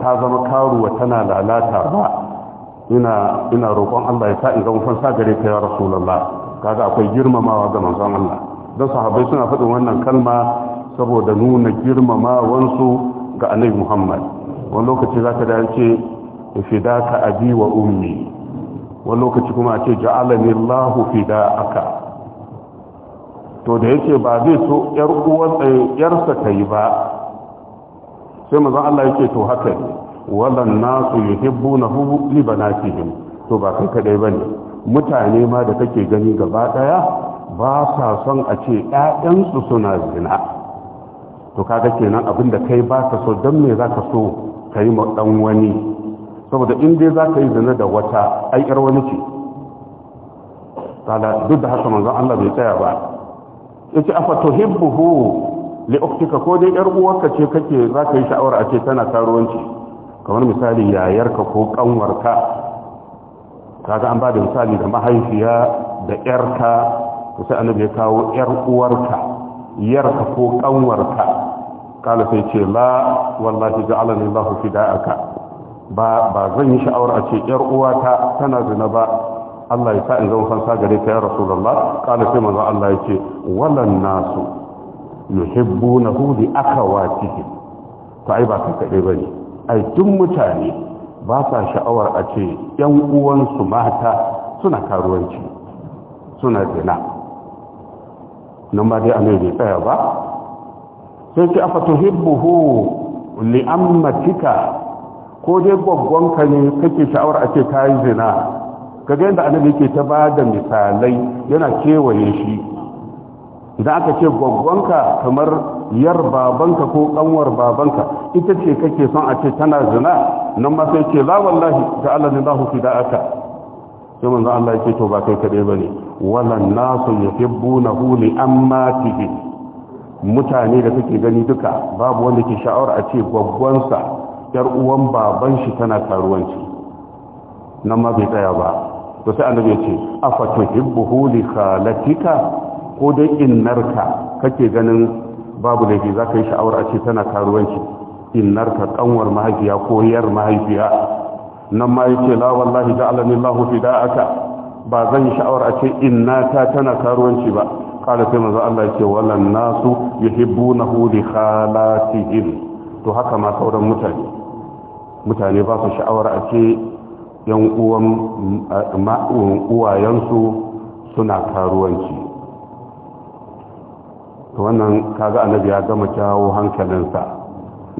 ta zama karuwa tana lalata ba ina ina roƙon Allah ya sa in ga fansa gare ta ya rasulallah kaga akwai girmamawa ga manzon Allah dan sahabbai suna faɗin wannan kalma saboda nuna girmamawansu ga annabi Muhammad wani lokaci zaka da ce fidaka abi wa ummi wani lokaci kuma a ce ja'alani Allahu aka. to da yake ba zai so yar uwan eh, yarsa kai ba sai mazan Allah yake to haka ne wallan nasu yuhibbunahu li banatihim to ba kai kadai bane mutane ma da kake gani gaba daya ba sa son a ce ƴaƴansu suna zina to kaga kenan abinda kai ba ka so dan me za ka so kai ma dan wani saboda in dai za ka yi zina da wata ai yar wani ce duk da haka manzon Allah bai tsaya ba yace afa tuhibbuhu li uktika ko dai yar uwarka ce kake za ka yi sha'awar a ce tana karuwanci kamar misali yayarka ko kanwarka kaga an ba da misali da mahaifiya da yarka to sai annabi ya kawo yar uwarka yarka ko kanwarka kala sai ce la wallahi ja'alani Allahu fida'aka ba zan yi sha'awar a ce yar uwata tana zina ba Allah ya sa in zama fansa gare ta ya rasulullah kana sai manzo Allah yake walan nasu yuhibbunahu bi akhawatihi to ai ba kai kade bane ai duk mutane ba sa sha'awar a ce yan uwansu mata suna karuwanci suna zina nan ba dai annabi tsaya ba sai ki afatuhibbuhu li ammatika ko dai ka ne kake sha'awar a ce ta yi zina kaga da annabi yake ta ba da misalai yana kewaye shi idan aka ce ka kamar yar babanka ko kanwar babanka ita ce kake son a ce tana zina nan ma sai ce la wallahi ta Allah ne lahu fida'aka sai manzo Allah yake to ba kai kade bane walan nasu yuhibbunahu li ammatihi mutane da kake gani duka babu wanda ke sha'awar a ce gwaggonsa. yar uwan baban shi tana karuwanci nan ma bai tsaya ba to sai annabi ya ce afatuhibbuhu li khalatika ko dai innarka kake ganin babu laifi ka yi sha'awar a ce tana karuwanci innarka kanwar mahaifiya ko yar mahaifiya nan ma yace la wallahi ja'alani Allahu fida'aka ba zan yi sha'awar a ce innata tana karuwanci ba kala sai manzo Allah yace wallan nasu yuhibbunahu li khalatihim to haka ma sauran mutane mutane ba su sha'awar a ce yan uwayensu suna karuwanci wannan kaga annabi ya gama kyawo hankalinsa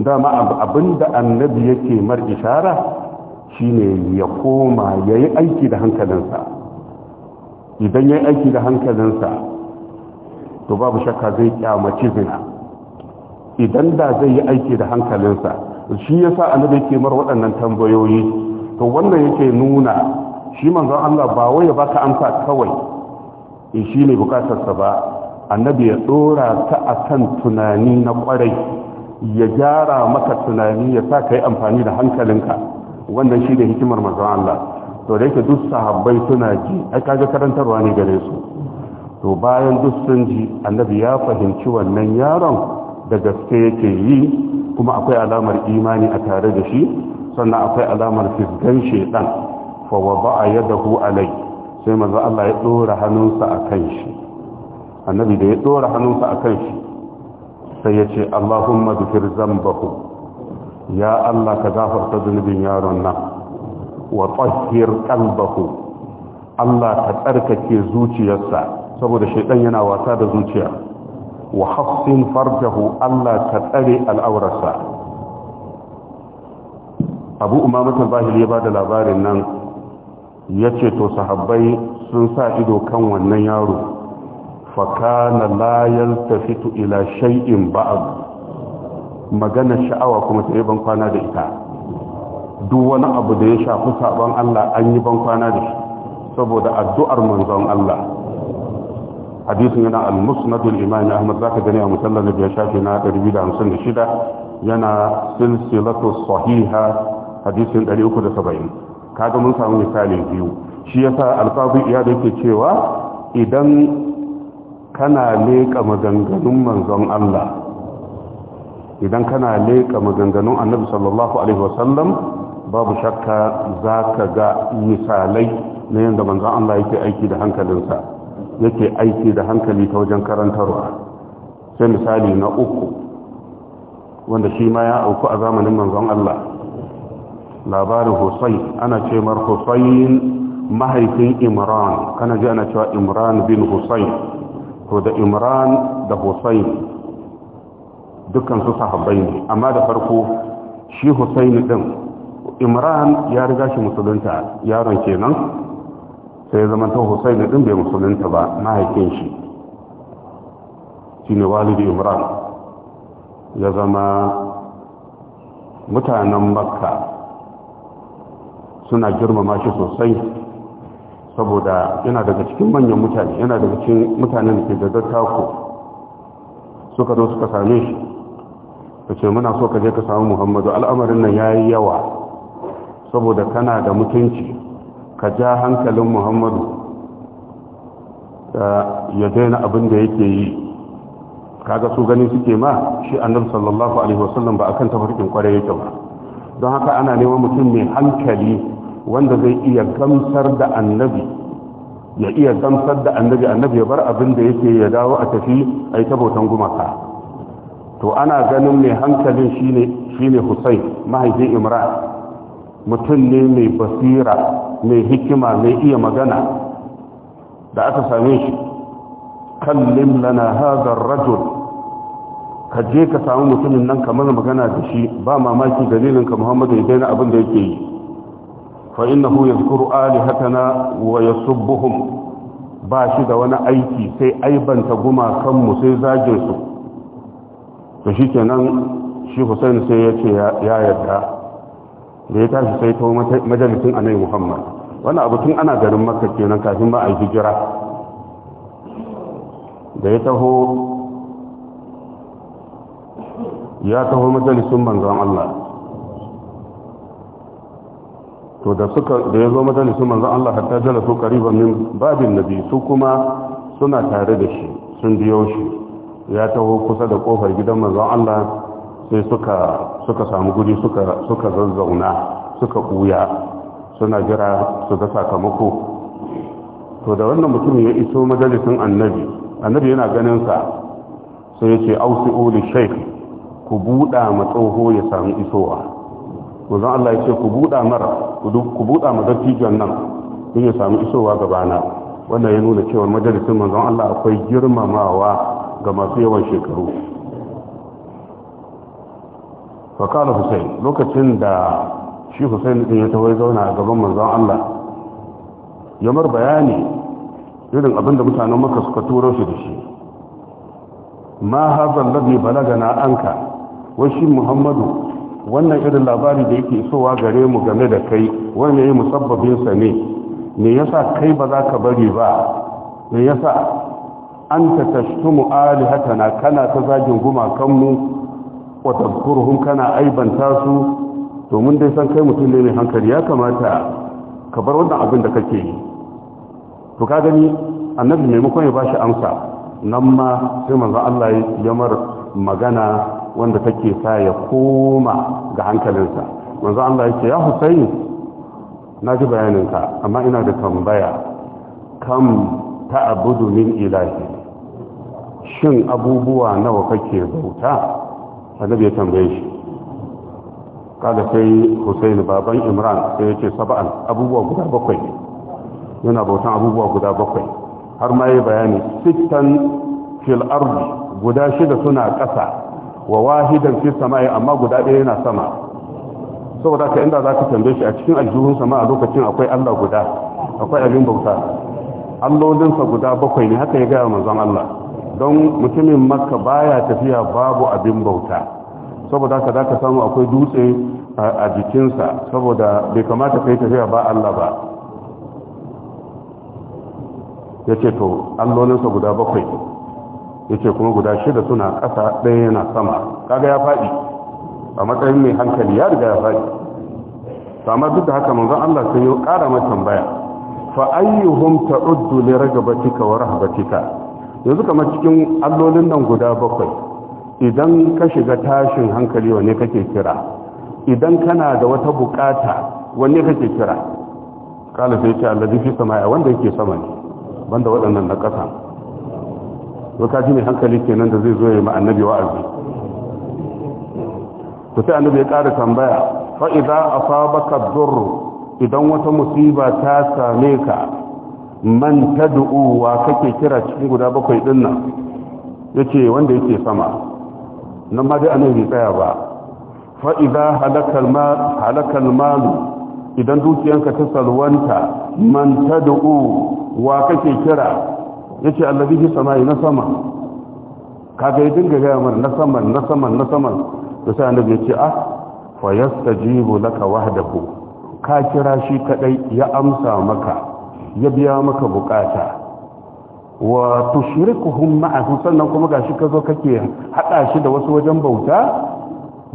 dama abinda annabi yake mar ishara shine ya koma ya yi aiki da hankalinsa idan ya yi aiki da hankalinsa to babu shakka zai kyamaci zina idan da zai yi aiki da hankalinsa shi yasa annabi yake mar waɗannan tambayoyi to wannan yake nuna shi manzon Allah ba wai ya baka amsa kawai in eh, shi ne bukatarsa ba annabi ya dora ta a kan tunani na kwarai ya gyara maka tunani ya sa ka yi amfani da hankalinka wannan shi ne hikimar manzon Allah to da yake duk sahabbai suna ji ai kaga karantarwa ne gare su to bayan duk sun ji annabi ya fahimci wannan yaron da gaske yake yi kuma akwai alamar imani a tare da shi sannan akwai alamar fisgan shedan fa yadda ku alai sai maza Allah ya dora hannunsa a shi annabi da ya dora hannunsa akan shi sai ya ce Allahumma ghfir zambahu ya Allah ka gafarta zunubin yaron nan wa tahhir qalbahu Allah ka tsarkake zuciyarsa saboda shedan yana wasa da zuciya wa hafsin farjahu Allah ta tsare al'aurarsa abu umamatul bahili ya ba da labarin nan ya ce to sahabbai sun sa ido kan wannan yaro fakana layar fito ila shai'in ba'ad magana sha'awa kuma sai ban kwana da ita duk wani abu da ya shafi sabon Allah an yi ban kwana da shi saboda addu'ar manzon Allah hadisin yana al-musnad al-imam Ahmad zaka gani a musallal da shafi na 256 yana silsilatu sahiha hadisin 370 kaga mun samu misali biyu shi yasa al-qadi ya yake cewa idan kana leka maganganun manzon Allah idan kana leka maganganun Annabi sallallahu alaihi wasallam babu shakka zaka ga misalai na yanda manzon Allah yake aiki da hankalinsa yake aiki da hankali ta wajen karantarwa sai misali na uku wanda shi ma ya auku a zamanin manzon Allah labarin Husayn ana ce mar Husayn mahaifin Imran kana ji ana cewa Imran bin Husayn to da Imran da Husayn dukansu su sahabbai ne amma da farko shi Husayn din Imran ya riga shi musulunta yaron kenan sai zama ta da ɗin bai musulunta ba mahaifin shi ne walidi imran ya zama mutanen makka suna girmama shi sosai saboda yana daga cikin manyan mutane yana daga cikin mutanen da ke da tako suka zo suka same shi ta ce muna so ka je ka sami muhammadu al'amarin nan ya yi yawa saboda kana da mutunci ka ja hankalin muhammadu eh, ya daina abin da yake yi kaga su gani suke ma shi annabi sallallahu alaihi wasallam ba akan tafarkin kwarai yake ba don haka ana neman mutum mai hankali wanda zai iya gamsar da annabi ya iya gamsar da annabi annabi ya bar abin da yake ya dawo a tafi a yi tabautan gumaka to ana ganin mai hankalin shine shine Husayn mahaifin Imran mutum ne mai basira mai hikima mai iya magana da aka same shi kallim lana hadha rajul ka je ka samu mutumin nan kamar magana da shi ba mamaki dalilin ka Muhammadu ya daina abin da yake yi fa innahu yadhkuru alihatana wa yasubbuhum ba shi da wani aiki sai aibanta gumakanmu sai zagin su to shikenan shi Hussein sai yace ya yarda da ya tashi sai ta majalisun annabi muhammad wani abu tun ana garin makka kenan kafin ba a yi hijira da ya taho ya taho majalisun manzon allah to da suka da ya zo majalisun manzon allah hatta jalasu qariban min babin nabi su kuma suna tare da shi sun biyo shi ya taho kusa da kofar gidan manzon allah sai suka samu guri suka zazzauna suka buya suna jira su ga sakamako to da wannan mutum ya iso majalisun annabi annabi yana ganinsa sai ya ce ausi oli sheik ku buɗa matsoho ya samu isowa zan allah ya ce ku buɗa mara ku buɗa nan in ya samu isowa gabana wannan ya nuna cewa majalisun manzon allah akwai girmamawa ga masu yawan shekaru fakala husain lokacin da shi husain din ya tawai zauna a gaban manzon Allah ya mar bayani irin abin da mutanen maka suka turo shi da shi ma hazan balaga balagana anka ka washi muhammadu wannan irin labari da yake isowa gare mu game da kai wanda yi musabbabin sa ne me yasa kai ba za ka bari ba me yasa anta tashtumu alihatana kana ta zagin gumakan mu wa tazkuruhum kana aibanta su domin dai san kai mutum ne mai hankali ya kamata ka bar wannan abin da kake yi to ka gani annabi maimakon ya bashi amsa nan ma sai manzon Allah ya mar magana wanda take sa ya koma ga hankalinsa manzon Allah ya ce ya Husayn na ji bayaninka amma ina da tambaya kam ta'budu min ilahi shin abubuwa nawa kake bauta annabi ya tambaye shi kada sai Hussein baban Imran sai yace Saba'an abubuwa guda bakwai yana bautan abubuwa guda bakwai har ma yayi bayani sittan fil ardi guda shida suna ƙasa wa wahidan fi samai amma guda ɗaya yana sama saboda ka inda za tambaye shi a cikin aljuhun sama a lokacin akwai Allah guda akwai abin bauta allolinsa guda bakwai ne haka ya gaya manzon Allah don mutumin makka baya tafiya babu abin bauta saboda haka za ka samu akwai dutse a jikinsa saboda bai kamata kai tafiya ba Allah ba ya ce to allolinsa guda bakwai ya ce kuma guda shida suna ƙasa ɗaya yana sama kaga ya faɗi a matsayin mai hankali ya riga ya faɗi amma duk da haka manzon Allah sai ya ƙara mai tambaya fa ayyuhum ta'uddu li ragabatika wa rahbatika yanzu kamar cikin allolin nan guda bakwai idan ka shiga tashin hankali wanne kake kira idan kana da wata bukata wanne kake kira kala sai ce allazi fi ya wanda yake sama ne banda waɗannan na ƙasa to ji mai hankali kenan da zai zo ya ma annabi wa'azi to sai annabi ya ƙara tambaya fa idza asabaka dhurr idan wata musiba ta same ka man tad'u wa kake kira cikin guda bakwai din nan yace wanda yake sama nan ma dai annabi tsaya ba fa idza halakal idan dukiyanka ta salwanta man tad'u wa kake kira yace allazi fi samai na sama kaga ya dinga gaya mar na saman na saman na saman da sai annabi yace ah fa yastajibu laka wahdahu ka kira shi kadai ya amsa maka ya biya maka bukata wa tushrikuhum ma'ahu sannan kuma gashi ka zo kake hada shi da wasu wajen bauta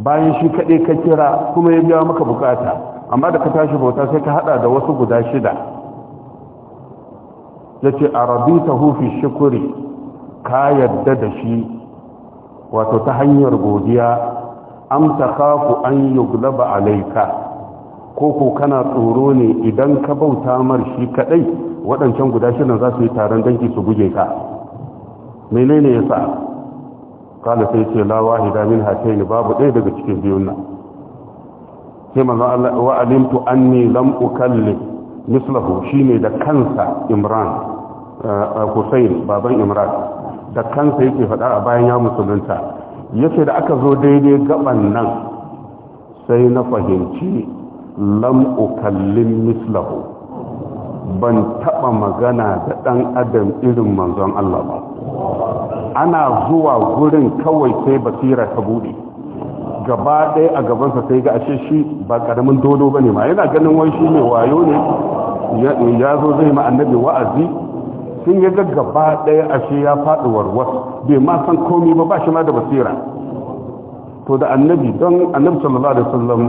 bayan shi kaɗai ka kira kuma ya biya maka bukata amma da ka tashi bauta sai ka hada da wasu guda shida yace arabitahu a shukri ka yadda da shi wato ta hanyar godiya amsa kafu an yi alayka alaika ko ko kana tsoro ne idan ka bauta mar shi kadai waɗancan guda shirin za su yi taron danki su buge ka menene ya sa kala sai ce la wahida min hataini babu ɗaya daga cikin biyun nan sai manzo Allah wa alimtu anni lam mislahu shine da kansa Imran eh, eh, Hussein baban Imran da kansa yake faɗa a bayan ya musulunta yace da aka zo daidai gaban nan sai na fahimci lam ukallim mislahu ban taba magana da dan adam irin manzon Allah ba ana zuwa gurin kawai sai basira ta bude gaba ɗaya a gabansa sai ga ashe shi ba karamin dodo bane ma yana ganin wani shi ne wayo ne ya zo zai ma annabi wa'azi sun ya gaba ɗaya ashe ya faɗi warwas bai ma san komai ba ba shi ma da basira to da annabi don annabi sallallahu alaihi wasallam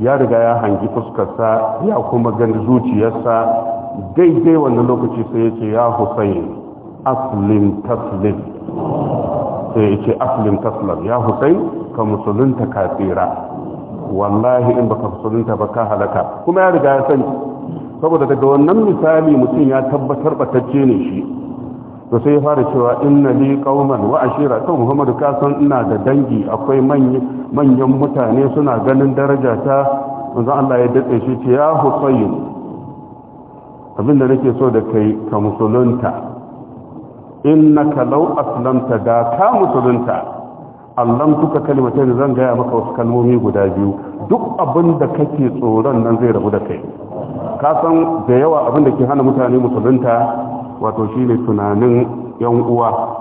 ya riga ya hangi fuskarsa ya kuma gani zuciyarsa daidai wannan lokaci sai ya ce ya husayn aslim taslim sai ya aslim taslim ya ka musulunta ka tsira wallahi in baka musulunta ba ka halaka kuma ya riga ya sani saboda daga wannan misali mutum ya tabbatar batacce ne shi to sai ya fara cewa inna li qauman wa ashira to muhammadu ka san ina da dangi akwai manyan mutane suna ganin daraja ta manzo Allah ya dace shi ce ya husayn abinda nake so da kai ka musulunta innaka law aslamta da ka musulunta tuka kuka kalmatai zan gaya maka wasu kalmomi guda biyu duk abin da kake tsoron nan zai rabu da kai ka san da yawa abin da ke hana mutane musulunta wato shine tunanin yan uwa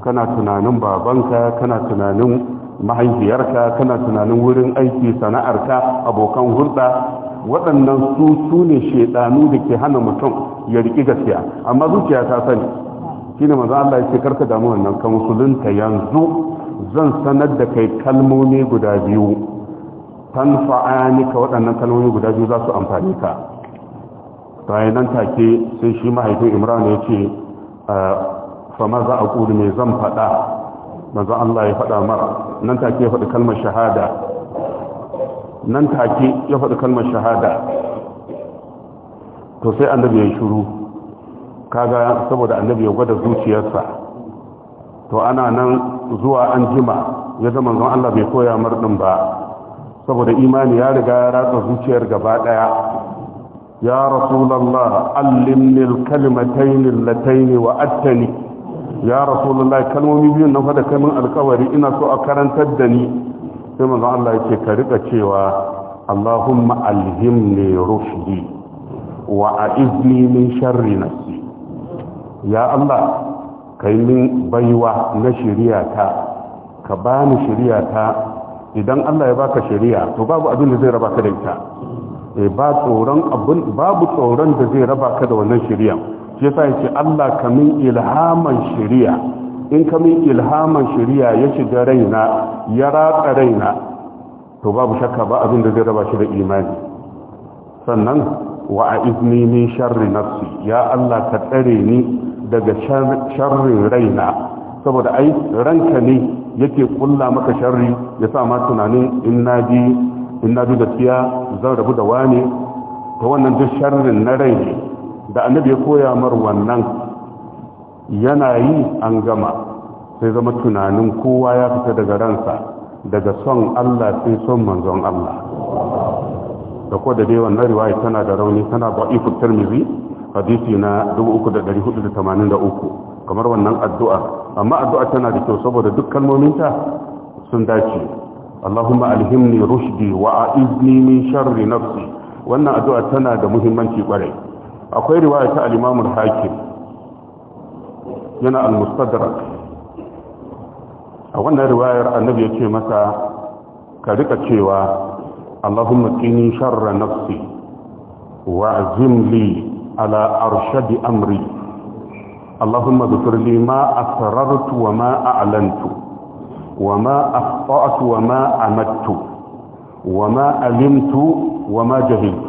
kana tunanin babanka kana tunanin mahaifiyarka kana tunanin wurin aiki sana'arka abokan hulɗa waɗannan su su ne shaidanu da ke hana mutum ya riƙi gaskiya amma zuciya ta sani shi ne maza Allah ya ce karka damu wannan ka musulunta yanzu zan sanar da kai kalmomi guda biyu tanfa'ani ka waɗannan kalmomi guda biyu za su amfani ka ta yi nan take sai shi mahaifin imran ya ce fa ma za a ƙuri mai zan faɗa manzan allah ya faɗa mar nan take ya faɗi kalmar shahada nan take ya faɗi kalmar shahada to sai annabi ya shuru kaga saboda annabi ya gwada zuciyarsa to ana nan zuwa an jima ya zama zan allah bai koya mar ɗin ba saboda imani ya riga ya ratsa zuciyar gaba ɗaya يا رسول الله علمني الكلمتين اللتين وأتني يا رسول الله كلمة بيون نفذ كلمة القواري إنا سوء كرن تدني كما قال الله يتكرق شوى اللهم ألهمني رشدي وأعذني من شر نفسي يا الله kai min baiwa na shari'ata ka bani shari'ata idan Allah ya baka shari'a to babu abin da zai raba ka da ita Eh, ba tsoron abin babu tsoron da zai raba ka da wannan shari'a shi yasa yace Allah kamin ilhaman shari'a in kamin ilhaman shari'a ya shiga raina ya ratsa raina to babu shakka ba abin da zai raba shi da imani sannan wa a'izni min sharri nafsi ya Allah ka tsare ni daga sharrin raina saboda ai ranka ne yake kulla maka sharri ya sa ma tunanin in naji in na ji gaskiya zan rabu da wane ta wannan duk sharrin na rai ne da annabi ya koya mar wannan yana yi an gama sai zama tunanin kowa ya fita daga ransa daga son Allah sai son manzon Allah da ko da dai wannan riwaya tana da rauni tana ba iku tirmizi hadisi na 3483 kamar wannan addu'a amma addu'a tana da kyau saboda duk kalmominta sun dace Allahumma alhimni rushdi wa a'izni min sharri nafsi wannan addu'a tana da muhimmanci kwarai akwai riwaya ta al-Imam hakim yana al a wannan riwayar annabi ya ce masa ka rika cewa Allahumma qini sharra nafsi wa azim li ala arshadi amri Allahumma ghfir li ma asrartu wa ma a'lantu وما أخطأت وما أمدت وما ألمت وما جهلت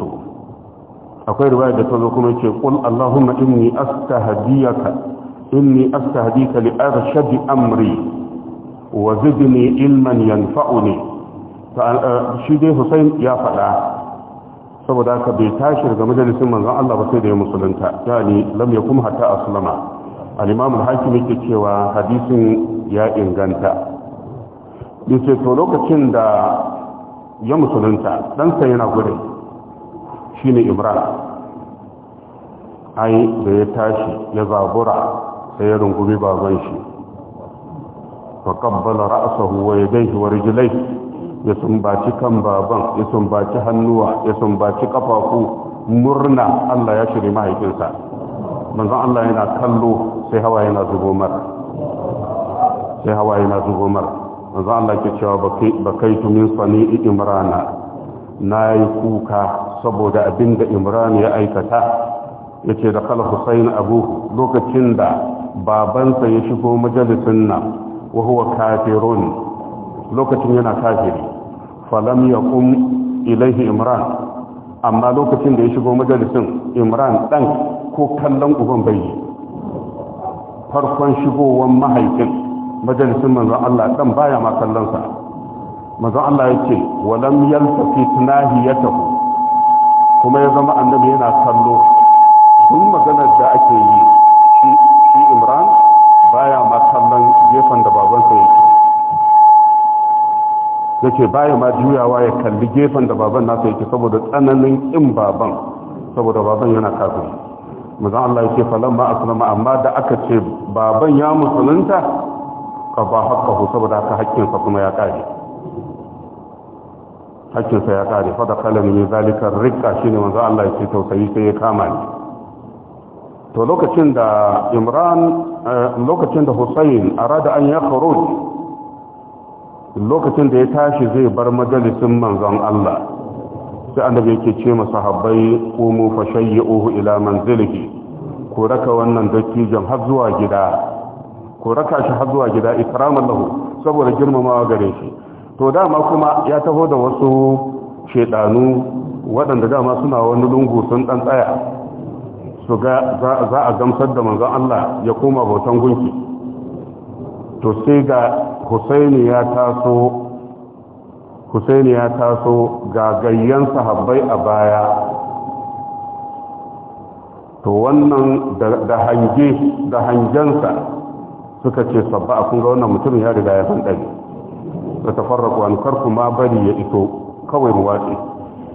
أقول رواية تقولكم قل اللهم إني أستهديك إني أستهديك لأرشد أمري وزدني علما ينفعني shi dai Hussein ya faɗa saboda haka bai tashi daga majalisin manzon Allah ba sai da ya musulunta yani lam yakum hatta aslama al-imam al-hakim yake cewa hadisin ya inganta da ce to lokacin da ya musulunta ɗansa yana gudun shi ne ibrahim ai da ya tashi ya zabura sai ya rungumi baban shi fa kabbala ra'sahu wa yadayhi wa rijlaihi ya sumbaci kan baban ya sumbaci hannuwa ya sumbaci kafafu murna Allah ya shiri mahaifinsa manzon Allah yana kallo sai hawa yana zubo sai hawa yana manzo Allah ke cewa bakaitu min sani'i imrana na yi kuka saboda abin da imran ya aikata yace da kala husayn abu lokacin da babansa ya shigo majalisun nan wahuwa kafirun lokacin yana kafiri falam ya kun ilaihi imran amma lokacin da ya shigo majalisun imran dan ko kallon uban bai farkon shigowar mahaifin majalisun manzon Allah dan baya ma kallon sa manzon Allah yace walam yaltafi nahiyatahu kuma ya zama annabi yana kallo sun maganar da ake yi shi Imran baya ma kallon gefen da babansa yake yace baya ma juyawa ya kalli gefen da baban nasa yake saboda tsananin kin baban saboda baban yana kafiri mazan Allah yake falon ma aslama amma da aka ce baban ya musulunta qada haqqahu saboda haka haƙƙinsa kuma ya kare haƙƙinsa ya kare fa dakala min zalika riqqa shine manzo Allah ya ce tausayi sai ya kama ne to lokacin da Imran eh, lokacin da Hussein arada an ya khuruj lokacin da ya tashi zai bar majalisin manzon Allah sai annabi yake ce masa habbai qumu fashayyi'uhu ila manzilihi ku raka wannan dattijan har zuwa gida ku raka shi har zuwa gida ikraman lahu saboda girmamawa gare shi to dama kuma ya taho da wasu shedanu waɗanda dama suna wani lungu sun dan tsaya su ga za a gamsar da manzon Allah ya koma bautan gunki to sai ga Husaini ya taso Husaini ya taso ga gayyan sahabbai a baya to wannan da hange da hangensa suka ce sabba a kunga wannan mutumin ya riga ya san ɗari da tafarraku an karku ma bari ya iso kawai mu watsi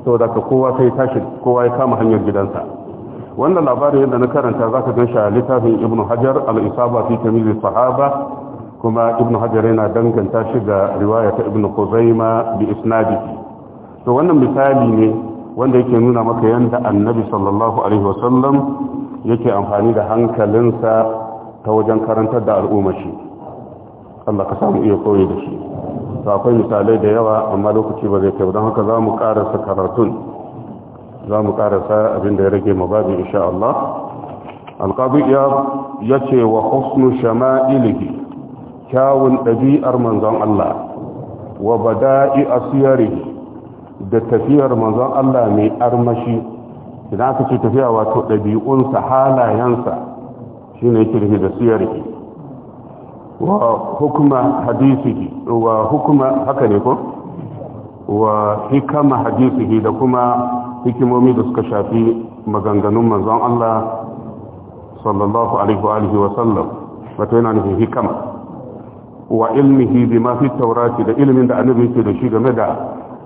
saboda ka kowa tashi kowa ya kama hanyar gidansa wannan labarin yadda na karanta za ka ganshi a littafin ibn hajar al-isaba fi tamizis sahaba kuma ibn hajar yana danganta shi ga riwaya ta ibn kuzaima bi isnadi to wannan misali ne wanda yake nuna maka yadda annabi sallallahu alaihi wasallam yake amfani da hankalinsa ta wajen karantar da al'umma shi Allah ka samu iya koyi da shi To akwai misalai da yawa amma lokaci ba zai kai don haka za mu karasa karatun za mu sa abin da ya rage mababi insha Allah alƙabi ya ce wa husnu shama'ilihi kyawun ɗabi'ar manzon Allah wa bada'i Asiyari, da tafiyar manzon Allah mai armashi idan aka ce tafiya wato sa halayensa shine yake rufe da siyarki wa hukuma hadisihi wa hukuma haka ne ko wa hikama hadisihi da kuma hikimomi da suka shafi maganganun manzon Allah sallallahu alaihi wa alihi wa sallam wato yana nufin hikama wa ilmihi bima fi tawrati da ilmin da annabi yake da shi game da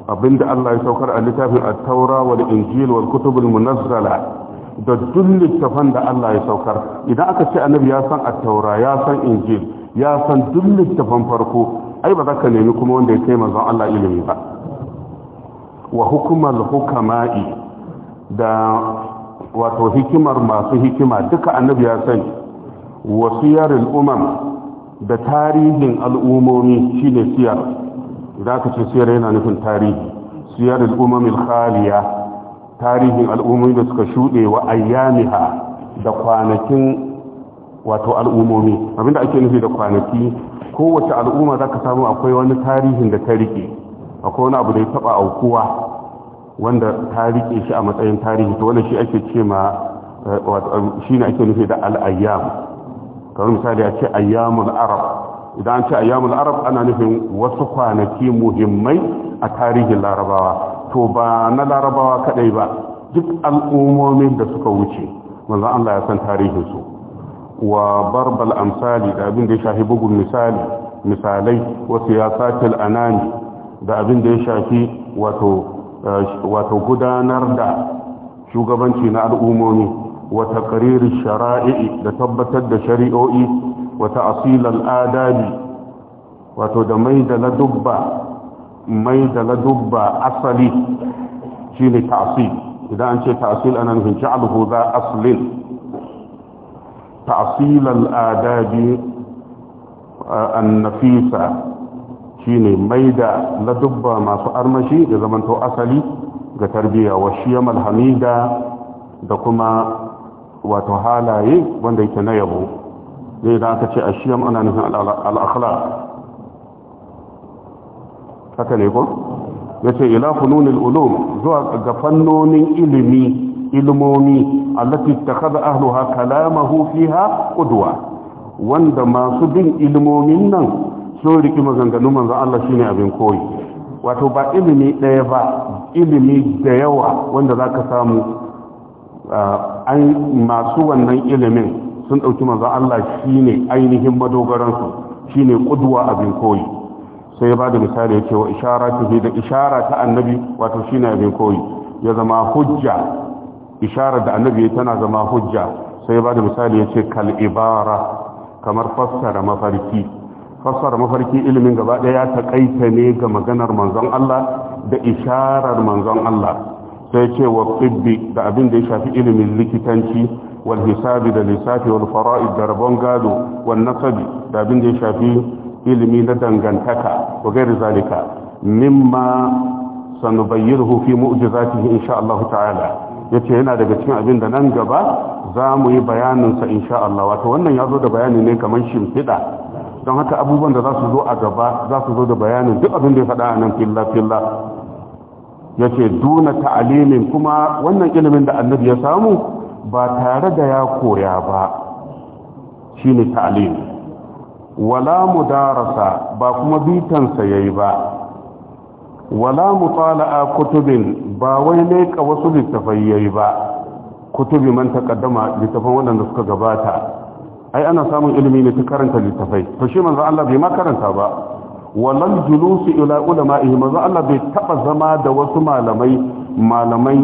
abinda Allah ya saukar a littafin at-taura wal injil wal kutubul munazzala da duk littafan da Allah ya saukar idan aka ce annabi ya san attaura ya san injil ya san duk littafan farko ai ba za ka nemi kuma wanda ya kai manzon Allah ilimi ba wa hukumar hukama'i da wato hikimar masu hikima duka annabi ya sani yarin umam da tarihin al'umomi shine siyar za ka ce siyar yana nufin tarihi siyarul umamil khaliya tarihin al'ummomi da suka shuɗe wa ayyamiha da kwanakin wato al'ummomi abinda ake nufi da kwanaki kowace al'umma za ka samu akwai wani tarihin da ta riƙe, akwai wani abu da ya taɓa aukuwa wanda ta riƙe shi a matsayin tarihi to wani shi ake ce ma eh, um, shi ne ake nufi da al'ayyam kamar misali a ce ayyamul arab idan an ce ayyamul arab ana nufin wasu kwanaki muhimmai a tarihin larabawa To ba na larabawa kadai ba duk al'ummomin da suka wuce manzon Allah ya san tarihinsu su wa barbal amsali da abin da ya shafi bugun misali misalai wa siyasatil anani da abin da ya shafi wato eh, gudanar da shugabanci na al'ummomi wata taqririr shara'i da tabbatar da shari'o'i wata asilal adali wato da mai da ladubba mai da ladubba asali shi ne ta'asil idan an ce ta'asil anan hin ja'alhu za aslin ta'asil al'adabi Nafisa shi ne mai da ladubba masu armashi da zamanto asali ga tarbiyya wa shiyamal hamida da kuma wato halaye wanda yake na yabo zai da aka ce a shiyam ana nufin haka ne ko yace ila fununil ulum zuwa ga fannonin ilimi ilmomi allati ittakhadha ahluha kalamahu fiha qudwa wanda masu bin ilmomin nan sun riki maganganun manzon Allah shine abin koyi wato ba ilimi ɗaya ba ilimi da yawa wanda zaka samu masu wannan ilimin sun ɗauki manzon Allah shine ainihin madogaransu shine qudwa abin koyi sai ya bada misali yake wa da ishara ta annabi wato shine abin koyi ya zama hujja ishara da annabi tana zama hujja sai ya bada misali yace kal ibara kamar fassara mafarki fassara mafarki ilimin gaba daya ya takaita ne ga maganar manzon Allah da isharar manzon Allah sai ce wa da abin da ya shafi ilimin likitanci wal hisabi da lissafi wal fara'id da rabon gado wal nasabi da abin da ya shafi ilimi na dangantaka ko gairi zalika mimma sanubayyirhu fi mu'jizatihi insha Allah ta'ala yace yana daga cikin abin da nan gaba za mu yi bayanin sa insha Allah wato wannan ya zo da bayani ne kamar shimfiɗa don haka abubuwan da za su zo a gaba za su zo da bayanin duk abin da ya faɗa a nan filla filla yace duna ta'alimin kuma wannan ilimin da annabi ya samu ba tare da ya koya ba shine ta'alimi wala mu darasa ba kuma bitansa ya yi ba wala mu a kutubin ba wai leka wasu littafai ya yi ba kutubi man ta taqaddama littafan waɗanda suka gabata ai ana samun ilimi ne ta karanta littafai to shi manzo Allah bai ma karanta ba walal julusu ila ulama, ulama'ihi manzo Allah bai taba zama da wasu malamai malamai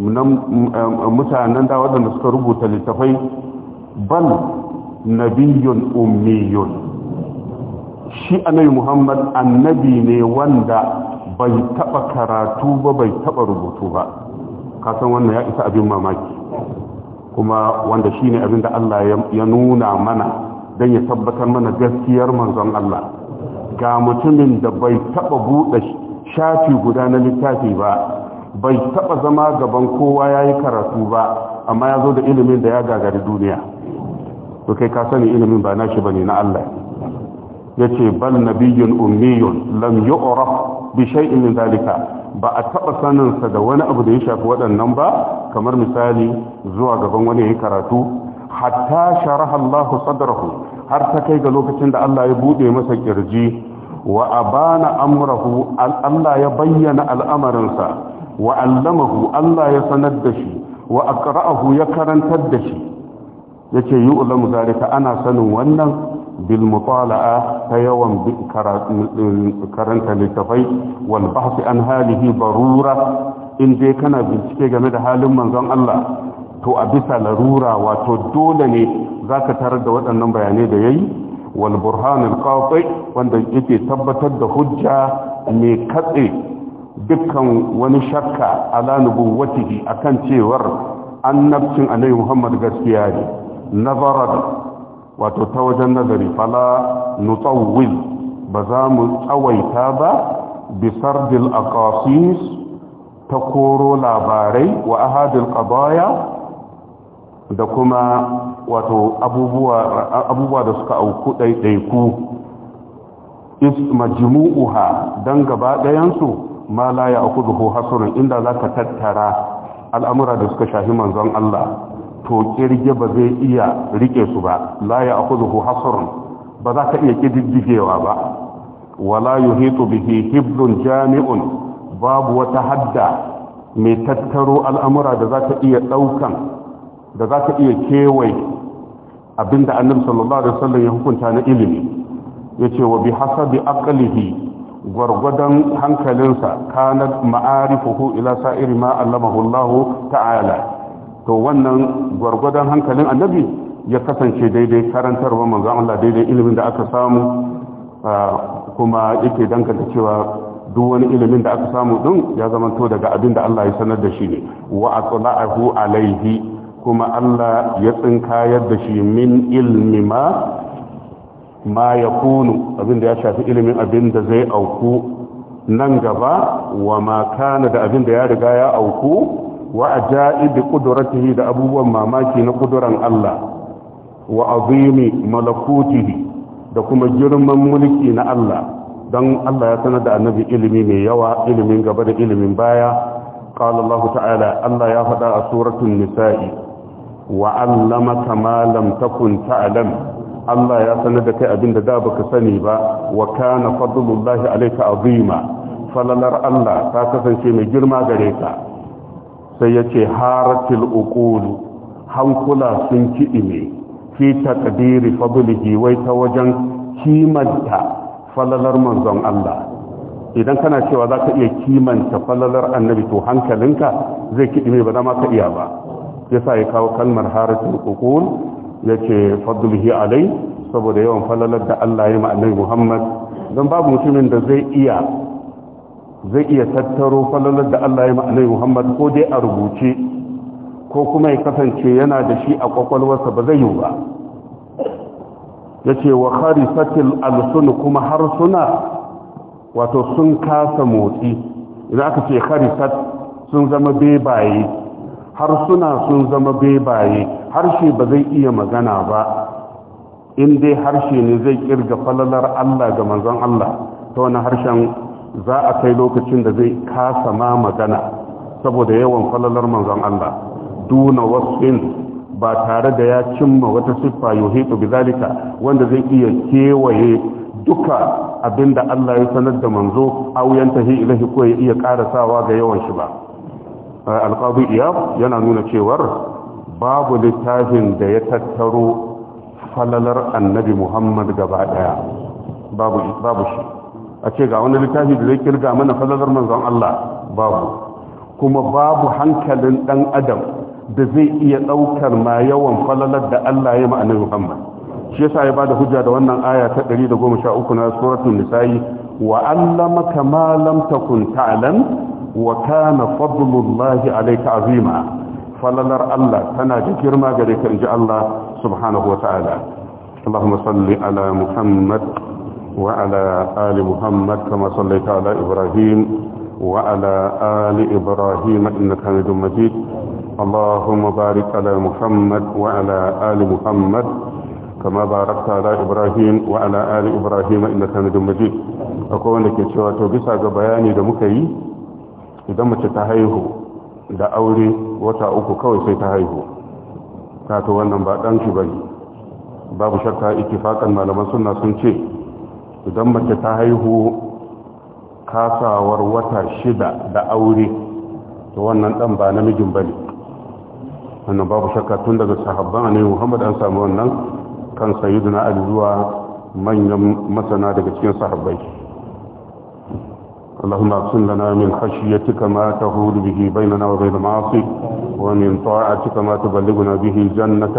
mutanen da waɗanda suka rubuta littafai bal nabiyyun ummiyun shi annabi muhammad annabi ne wanda bai taba karatu ba bai taba rubutu ba kasan wannan ya isa abin mamaki kuma wanda shi ne abin da allah ya nuna mana don ya tabbatar mana gaskiyar manzon allah ga mutumin da bai taba buɗe shafi guda na littafi ba bai taba zama gaban kowa ya yi karatu ba amma ya zo da ilimin da ya gagari duniya to kai ka sani ilimin ba na shi ba ne na allah yace bal nabiyyun ummiyun lam yu'raf bi shay'in min zalika ba a taba sanin sa da wani abu da ya shafi waɗannan ba kamar misali zuwa gaban wani yi karatu hatta sharaha Allah sadrahu har ta kai ga lokacin da Allah ya bude masa kirji wa abana amrahu Allah ya bayyana al'amarinsa wa allamahu Allah ya sanar da shi wa aqra'ahu ya karantar da shi yace yu'lamu zalika ana sanin wannan bil mutala'a ta yawan karanta littafai wal an halihi barura in dai kana bincike game da halin manzon Allah to a bisa larura wato dole ne zaka tarar da waɗannan bayanai da yayi wal burhan al qati wanda yake tabbatar da hujja ne katse dukkan wani shakka ala a akan cewar annabcin annabi Muhammad gaskiya ne nazarat wato ta wajen nazari fala nutsawil ba za mu tsawaita ba bisar dil aqasis ta koro labarai wa ahadil qadaya da kuma wato abubuwa da suka auku ɗaiɗaiku is majmu'uha dan gaba ɗayansu ma la ya akudu hasurin inda zaka tattara al'amura da suka shafi manzon Allah to kirge ba zai iya rike su ba la ya akhudhu hasrun ba za ka iya kididdigewa ba wala yuhitu bihi hiblun jami'un babu wata hadda mai tattaro al'amura da za ka iya daukan da za ka iya kewaye abinda annabi sallallahu alaihi wasallam ya hukunta na ilimi yace wa bi hasabi aqlihi gwargwadon hankalinsa kanar ma'arifuhu ila sa'iri ma allamahu Allah ta'ala to wannan gwargwadon hankalin annabi ya kasance daidai karantarwa manzo Allah daidai ilimin da aka samu kuma yake danganta cewa duk wani ilimin da aka samu din ya zamanto daga abin da Allah ya sanar da shi ne wa aqla'ahu alaihi kuma Allah ya tsinkayar da shi min ilmi ma ma yakunu abin da ya shafi ilimin abin da zai auku nan gaba wa ma kana da abin da ya riga ya auku wa ajaibi qudratihi da abubuwan mamaki na kuduran Allah wa azimi malakutihi da kuma girman mulki na Allah don Allah ya sanar da annabi ilimi mai yawa ilimin gaba da ilimin baya qala ta'ala Allah ya faɗa a suratun nisa'i wa 'allamaka ma Allah ya sanar da kai abinda da baka sani ba wa kana fadlullahi alayka azima falalar Allah ta kasance mai girma gare ka sai ya ce haratil uqulu hankula sun kiɗime fi taqdiri fadlihi wai ta wajen kimanta falalar manzon Allah idan kana cewa za ka iya kimanta falalar annabi to hankalinka zai ne ba za ma ka iya ba ya sa ya kawo kalmar haratul uqul ya ce fadlihi alai saboda yawan falalar da Allah ya ma annabi Muhammad don babu mutumin da zai iya zai iya tattaro falalar da Allah ya ma'anai Muhammad ko dai a rubuce ko kuma ya kasance yana da shi a kwakwalwarsa ba zai yi ba ya ce wa al alsun kuma harsuna wato sun kasa motsi idan aka ce harisat sun zama bebaye harsuna sun zama bebaye harshe ba zai iya magana ba in dai harshe ne zai kirga falalar Allah ga manzon Allah ta wani harshen za a kai lokacin da zai kasa ma magana saboda yawan falalar manzon Allah duna wasfin ba tare da ya cimma wata siffa yuhitu bizalika wanda zai iya kewaye duka abinda Allah ya sanar da manzo auyan tahi ilahi ko ya iya karasawa ga yawan shi ba eh, alqabi iya yana nuna cewar babu littafin da ya tattaro falalar annabi Muhammad gaba daya babu shi a ce ga wani littafi da zai kirga mana falalar manzon Allah babu kuma babu hankalin dan adam da zai iya daukar ma yawan falalar da Allah ya ma annabi Muhammad shi yasa ya bada hujja da wannan aya ta 113 na suratul nisa'i wa allamaka ma lam takun ta'lam wa kana fadlullahi alayka azima falalar Allah tana da girma gare ka inji Allah subhanahu wa ta'ala اللهم صل على محمد وعلى آل محمد كما صليت على إبراهيم وعلى آل إبراهيم إنك حميد مجيد اللهم بارك على محمد وعلى آل محمد كما باركت على إبراهيم وعلى آل إبراهيم إنك حميد مجيد أقول لك cewa to bisa ga bayani da muka yi idan mace ta haihu da aure wata uku kawai sai ta haihu ta to wannan ba ɗan shi babu shakka ittifakan malaman suna sun ce idan mace ta haihu kasawar wata shida da aure to wannan dan ba namijin bane wannan babu shakka tun daga sahabban ne Muhammad an samu wannan kan sayyidina Ali zuwa manyan masana daga cikin sahabbai اللهم اقسم لنا من خشيتك ما تهول به بيننا وبين معاصيك ومن طاعتك ما تبلغنا به جنتك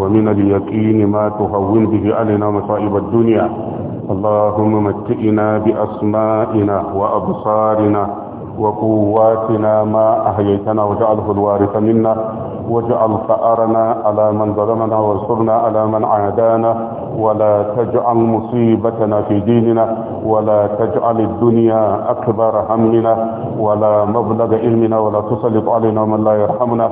ومن اليقين ما تهون به علينا مصائب الدنيا اللهم متئنا بأسمائنا وأبصارنا وقواتنا ما أحييتنا وجعله الوارث منا واجعل فأرنا على من ظلمنا وانصرنا على من عادانا ولا تجعل مصيبتنا في ديننا ولا تجعل الدنيا أكبر همنا ولا مبلغ علمنا ولا تسلط علينا من لا يرحمنا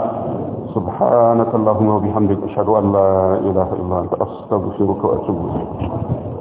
سبحانك اللهم وبحمدك أشهد أن لا إله إلا أنت أستغفرك وأتوب إليك